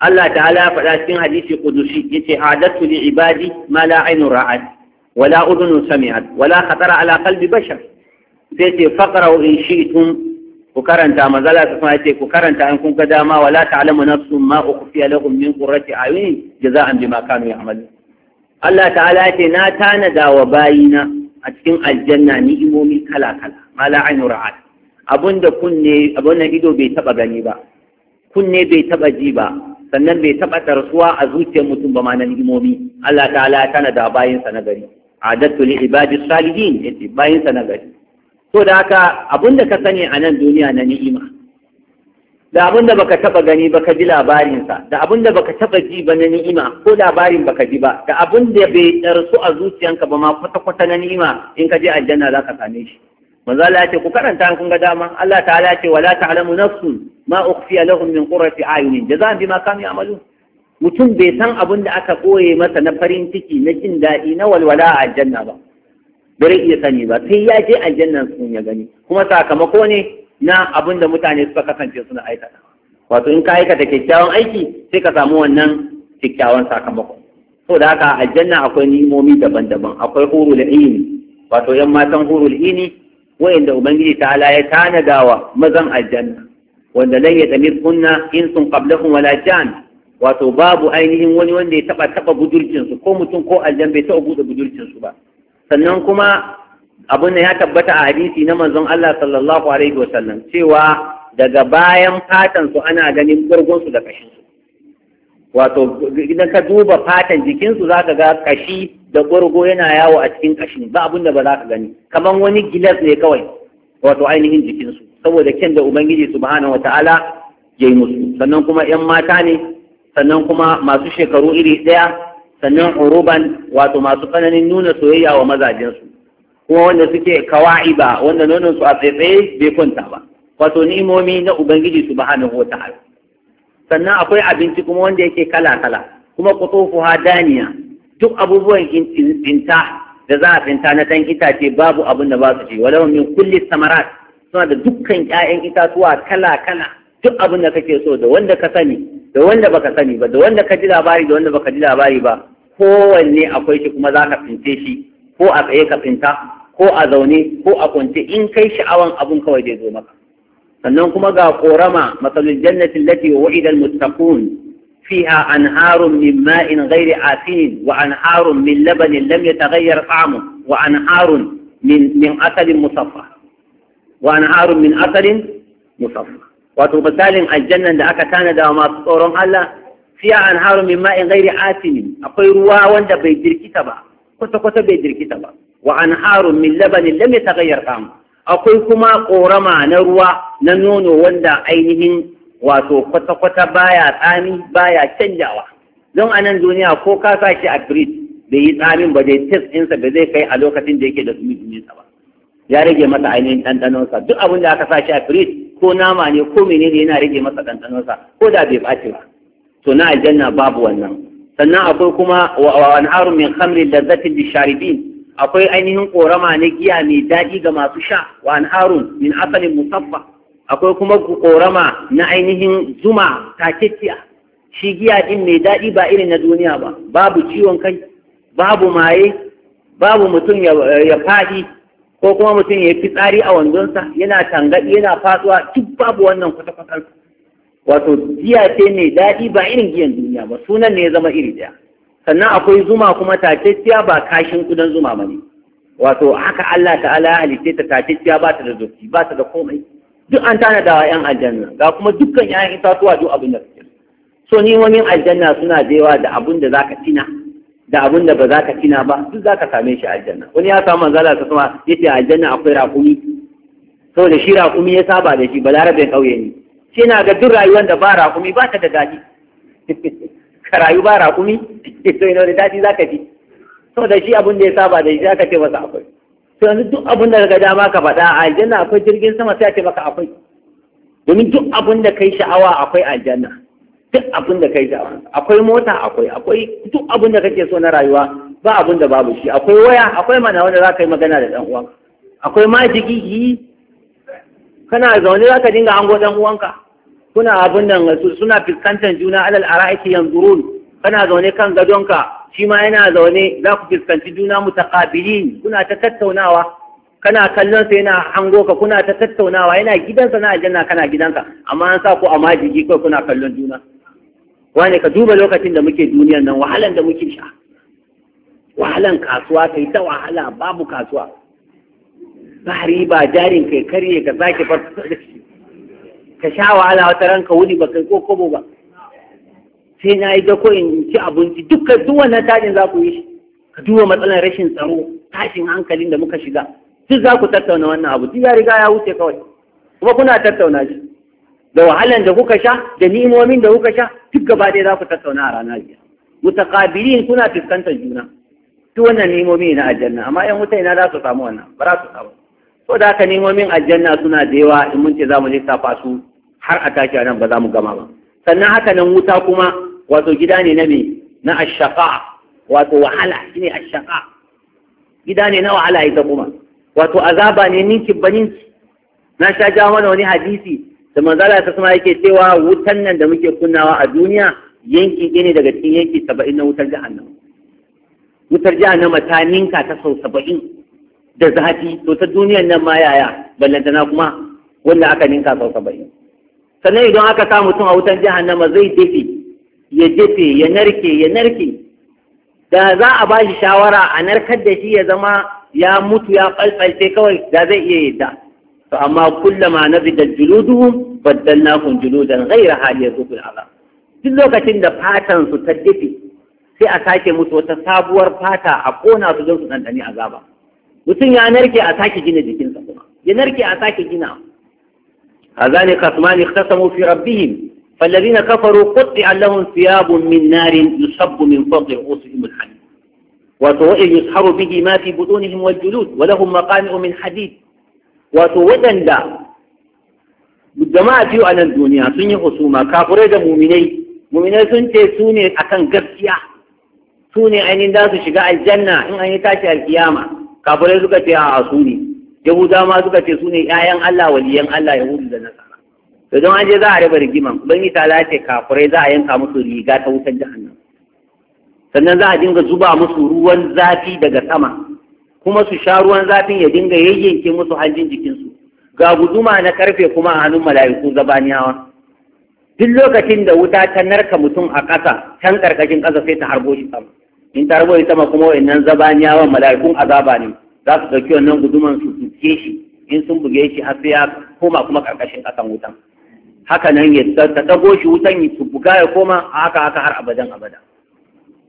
Allah ta'ala ya faɗa cikin hadisi kudushi yace hadatu li ibadi ma la aynu ra'at wala udhunu sami'at wala khatara ala qalbi bashar sai ce wa in tun ku karanta mazala su kuma ce ku karanta an kun ga dama wala ta'lamu nafsun ma ukhfiya lahum min qurrati a'yun jaza'an bima kanu ya'malu Allah ta'ala ce na tanada wa bayina a cikin aljanna ni'imomi kala kala ma la ainu ra'at abunda kunne abunda ido bai taba gani ba kunne bai taba ji ba sannan bai taba tarsuwa a zuciyar mutum ba ma na ni'imomi Allah ta'ala tana da bayinsa na gari adatu li ibadi salihin yace bayinsa na gari Ko da haka da ka sani a nan duniya na ni'ima da abin da baka taba gani baka ji labarinsa da abin da baka taba ji ba na ni'ima ko labarin baka ji ba da abin da bai ɗarsu a zuciyanka ba ma kwata-kwata na ni'ima in ka je aljanna za ka same shi manzo Allah ya ce ku karanta kun ga dama Allah ta'ala ya ce wala ta'lamu nafsu ma ukhfiya lahum min qurrati a'yunin jazaan bima kanu ya'malun mutum bai san abin da aka koye masa na farin ciki na jin daɗi na walwala a aljanna ba bare iya sani ba sai ya je aljannan sun ya gani kuma sakamako ne na abin da mutane suka kasance suna aikata wato in ka aikata kyakkyawan aiki sai ka samu wannan kyakkyawan sakamako so da haka aljanna akwai nimomi daban-daban akwai hurul ini wato yan matan hurul ini wayanda ubangiji ala ya tanadawa mazan aljanna wanda lan in sun qablahum wala jan wato babu ainihin wani wanda ya taba taba budurcin ko mutum ko aljan bai taba bude budurcin su ba sannan kuma abin da ya tabbata a hadisi na manzon Allah sallallahu alaihi wa sallam cewa daga bayan fatan su ana ganin gurgun su da kashin su wato idan ka duba fatan jikin su zaka ga kashi da gurgo yana yawo a cikin kashin ba abin da ba za ka gani kaman wani gilas ne kawai wato ainihin jikin su saboda kyan da ubangiji subhanahu wataala ya musu sannan kuma yan mata ne sannan kuma masu shekaru iri ɗaya sannan uruban wato masu tsananin nuna soyayya wa mazajensu kuma wanda suke kawai ba wanda nonon su a tsaye bai kwanta ba wato ni'imomi na ubangiji subhanahu wa ta'ala sannan akwai abinci kuma wanda yake kala kala kuma kutufu daniya duk abubuwan tsinta da za a tsinta na dan itace babu abin da ba su ci walau min kulli samarat suna da dukkan ƴaƴan itatuwa kala kala duk abin da kake so da wanda ka sani da wanda baka sani ba da wanda ka ji labari da wanda baka ji labari ba kowanne akwai shi kuma za ka finte shi ko a tsaye ka finta ko a zaune ko a kwance in kai sha'awan abun kawai zai zo maka sannan kuma ga korama matsalin jannati lati wa wa'idal muttaqun fiha anharun min ma'in ghairi asin wa anharun min labanin lam yataghayyar ta'amu wa anharun min min asalin musaffa wa anharun min asalin musaffa wato misalin aljannan da aka tanada masu tsoron Allah fiya an haru min ma'in gairi asinin akwai ruwa wanda bai jirkita ba kwata-kwata bai jirkita ba wa an haru min labanin lam yataghayyar ta'am akwai kuma korama na ruwa na nono wanda ainihin wato kwata-kwata baya tsami baya canjawa don anan duniya ko ka sa shi a fridge bai yi tsamin ba dai test ɗinsa ba zai kai a lokacin da yake da tsumi ba ya rage masa ainihin ɗanɗanonsa duk abin da aka sa shi a firij ko nama ne ko menene yana rage masa ɗanɗanonsa ko da bai ɓaci ba to na aljanna babu wannan sannan akwai kuma wa anharu min khamrin lazzatin lisharibin akwai ainihin korama na giya mai daɗi ga masu sha wa harun min asalin musaffa akwai kuma korama na ainihin zuma takekkiya shi giya ɗin mai daɗi ba irin na duniya ba babu ciwon kai babu maye babu mutum ya faɗi ko kuma mutum ya fi tsari a wanzonsa, yana tangaɗi yana fasuwa duk babu wannan kwata-kwata wato giya ce mai daɗi ba irin giyan duniya ba sunan ne ya zama iri ɗaya sannan akwai zuma kuma tatacciya ba kashin kudan zuma ba ne wato haka Allah ta'ala ya halitta ta tatacciya ba ta da zofi ba ta da komai duk an tana da yan aljanna ga kuma dukkan 'ya'yan itatuwa duk abin da suke so ni wani aljanna suna da yawa da abin da zaka tina da abin da ba za ka tina ba duk za ka same shi aljanna wani ya samu manzala ta kuma yace aljanna akwai rakumi saboda shi rakumi ya saba da shi balarabe kauye ne shi na ga duk rayuwar da ba rakumi ba ta da daɗi <laughs> ka rayu ba rakumi <laughs> to ina da daɗi za ka ji saboda shi abin da ya saba da shi za ka ce masa akwai to yanzu duk abin da ka dama ka faɗa a aljanna akwai jirgin sama sai ka ce maka akwai domin duk abin da kai sha'awa akwai aljanna duk abin da kai da akwai mota akwai akwai duk abin da kake so na rayuwa ba abin da babu shi akwai waya akwai mana wanda za ka yi magana da dan uwanka akwai ma yi kana zaune za ka dinga hango dan uwanka kuna abin nan suna fuskantar juna alal ara'iki yanzurun kana zaune kan gadonka shi ma yana zaune za ku fuskanci juna mutaqabilin kuna ta tattaunawa kana kallon sa yana hango ka kuna ta tattaunawa yana gidansa na aljanna kana gidanka amma an sa ku a majigi kai kuna kallon juna wane ka duba lokacin da muke duniyar nan wahalan da muke sha wahalan kasuwa kai ta wahala babu kasuwa ba riba jarin kai karye ka zaki bar <laughs> ka sha wahala wata ranka wuni ba kai ko kobo ba sai na yi dako in ci abinci dukkan duk wannan tajin za ku yi shi ka duba matsalar rashin tsaro tashin hankalin da muka shiga duk za ku tattauna wannan abu duk ya riga ya wuce kawai kuma kuna tattauna shi da wahalan da kuka sha da ni'imomin da kuka sha duk gaba ɗaya za ku tattauna a ranar biya mutaqabilin kuna fiskantar juna duk wannan ni'imomi na aljanna amma yan wuta ina za su samu wannan ba za su samu Ko da haka ni'imomin aljanna suna da yawa in mun ce za mu lissafa su har a tashi a nan ba za mu gama ba sannan haka nan wuta kuma wato gida ne na me na ashaka wato wahala shine ashaka gida ne na wahala ita kuma wato azaba ne ninki baninki na sha ja mana wani hadisi da manzala ta kuma yake cewa wutan nan da muke kunnawa a duniya yanki ne daga cikin yanki saba'in na wutar jahannama wutar jahannama ta ninka ta sau saba'in da zafi to ta duniyar nan ma yaya ballantana kuma wanda aka ninka sau saba'in sannan idan aka sa mutum a wutar jahannama zai dafe ya dafe ya narke ya narke da za a ba shi shawara a narkar da shi ya zama ya mutu ya falfalce kawai da zai iya yadda فأما كلما نبدت جلودهم بدلناهم جلودا غيرها ليذوقوا العذاب في الوقت ان فاتن ستدفي في اساكي متوتسابور فاتا اقونا تدوس ان تني عذابا مثل ينركي اساكي جنى جنى ينركي اساكي جنى هذان خصمان اختصموا في ربهم فالذين كفروا قطع لهم ثياب من نار يصب من فوق رؤوسهم الحديد وطوئل يسحر به ما في بطونهم والجلود ولهم مقامع من حديد wato waɗanda jama'a biyu a nan duniya sun yi husuma kafurai da muminai muminai sun ce su ne a kan gaskiya su ne ainihin za su shiga aljanna in an yi tashi alkiyama kafurai suka ce a su ne yahuda ma suka ce su ne 'ya'yan Allah waliyan Allah yahudu da nasara to don an je za a raba rigiman ubangi ta ce kafurai za a yanka musu riga ta wutar jahannam sannan za a dinga zuba musu ruwan zafi daga sama kuma su sha ruwan zafin ya dinga yayyanke musu hanjin jikinsu ga guduma na karfe kuma a hannun mala'iku gabaniyawa duk lokacin da wuta ta narka mutum a ƙasa can ƙarƙashin ƙasa sai ta harbo shi sama in ta harbo shi sama kuma wa'annan zabaniyawan mala'ikun azaba ne za su ɗauki wannan guduman su buge shi in sun buge shi har sai ya koma kuma ƙarƙashin ƙasan wutan haka nan ya ta ɗago shi wutan ya buga ya koma a haka haka har abadan abada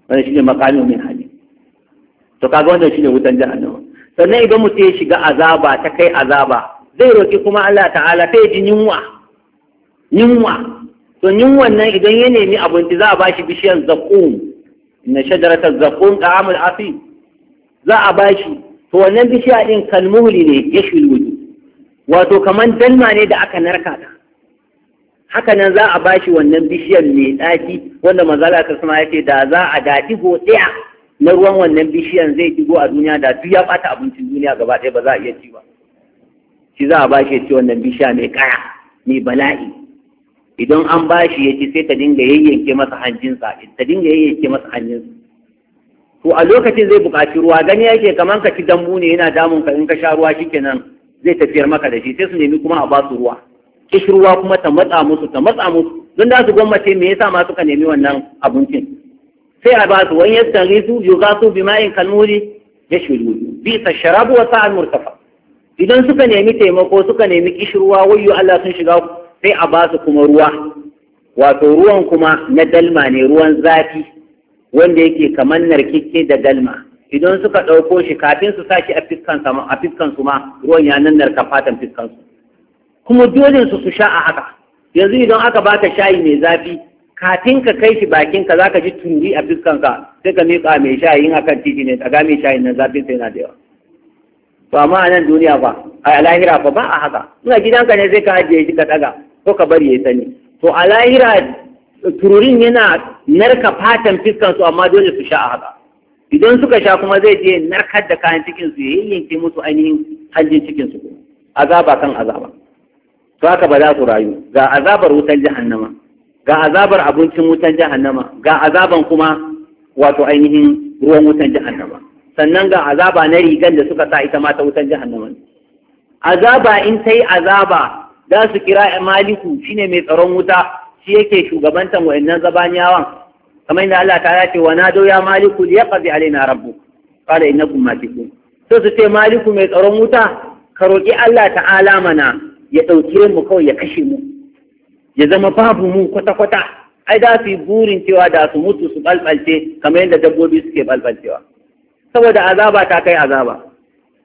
wani shi ne makamin min hali to kaga wannan shine wutan jahannama sannan idan mutum ya shiga azaba ta kai azaba zai roƙi kuma Allah ta'ala sai ji yunwa yunwa to yunwan nan idan ya nemi abinci za a ba shi bishiyar zakum na shajarata zakum ta'amul afi za a ba shi to wannan bishiya din kalmuhli ne ya shulwudu wato kaman dalma ne da aka narka ta haka nan za a ba shi wannan bishiyar mai ɗaki wanda manzala ta sama ya ce da za a daɗi go ɗaya na ruwan wannan bishiyan zai digo a duniya da duk ya bata abincin duniya gaba ɗaya ba za a iya ci ba shi za a ba shi ya ci wannan bishiya mai kaya mai bala'i idan an ba shi ya ci sai ta dinga yayyanke masa hanjinsa ta dinga yayyanke masa hanjinsa to a lokacin zai buƙaci ruwa gani yake kamar ka ci dambu ne yana damun ka in ka sha ruwa shikenan zai tafiyar maka da shi sai su nemi kuma a ba su ruwa kishirwa kuma ta matsa musu ta matsa musu don da su gwammace me yasa ma suka nemi wannan abincin sai a ba su wani yadda rizu yau za su bi ma'in kalmuri ya shiru bisa sharabu wa sa'an murtafa idan suka nemi taimako suka nemi kishirwa wayo Allah sun shiga sai a ba su kuma ruwa wato ruwan kuma na dalma ne ruwan zafi wanda yake kamar narkikke da dalma idan suka ɗauko shi kafin su sashi a fiskan su ma ruwan ya nan narka fatan fiskan su kuma dole su su sha a haka yanzu idan aka baka shayi mai zafi kafin ka kai shi bakin ka zaka ji tunji a ka sai ka miƙa mai shayin akan titi ne tsaga mai shayin nan zafin sai na da yawa to amma a nan duniya ba a lahira fa ba a haka ina gidanka ne sai ka ajiye shi ka daga ko ka bari ya sani to a lahira tururin yana narka fatan fuskan su amma dole su sha a haka idan suka sha kuma zai je narkar da kayan cikin su ya yanke musu ainihin hanjin cikin su azaba kan azaba to haka ba za su rayu ga azabar wutar jahannama ga azabar abincin wutan jahannama ga azaban kuma wato ainihin ruwan wutan jahannama sannan ga azaba na rigan da suka sa ita ma ta wutan jahannama azaba in ta yi azaba za su kira maliku shine mai tsaron wuta shi yake shugabantan wa'annan zabaniyawan kamar yadda Allah ta ce wa nado ya maliku liyaqdi alaina rabbu qala innakum makithun so su ce maliku mai tsaron wuta ka roƙi Allah ta'ala mana ya ɗauki mu kawai ya kashe mu ya zama babu mu kwata-kwata ai da su yi burin cewa da su mutu su balbalce kamar yadda dabbobi suke balbalcewa saboda azaba ta kai azaba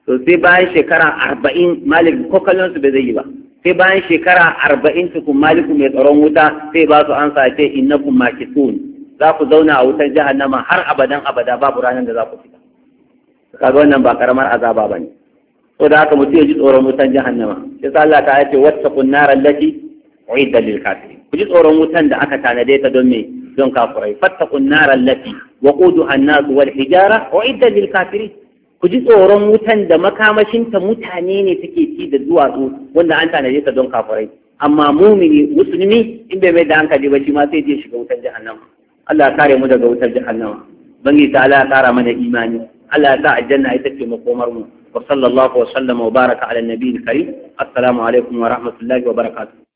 to sai bayan shekara arba'in malik ko kallon su bai zai yi ba sai bayan shekara arba'in kun maliku mai tsaron wuta sai ba su ansa ce innakum makitun za ku zauna a wutar jahannama har abadan abada babu ranar da za ku fita kaga wannan ba karamar azaba ba bane saboda haka mutum ya ji tsoron wutar jahannama sai Allah ta ce wattaqun nar allati uidda lil kafirin ku ji tsoron wutan da aka tanade ta don me don kafirai fattaqun nar allati waquduha an-nas wal hijara uidda lil kafirin ku ji tsoron wutan da makamashinta mutane ne suke ci da duwatsu wanda an tanade ta don kafirai amma mumini musulmi in bai mai da hankali ba shi ma sai je shiga wutar jahannama Allah ya kare mu daga wutar jahannama bangi ta Allah ya kara mana imani Allah ya sa aljanna ita ce makomar mu wa sallallahu wa sallama wa baraka ala nabiyil karim assalamu alaikum wa rahmatullahi wa barakatuh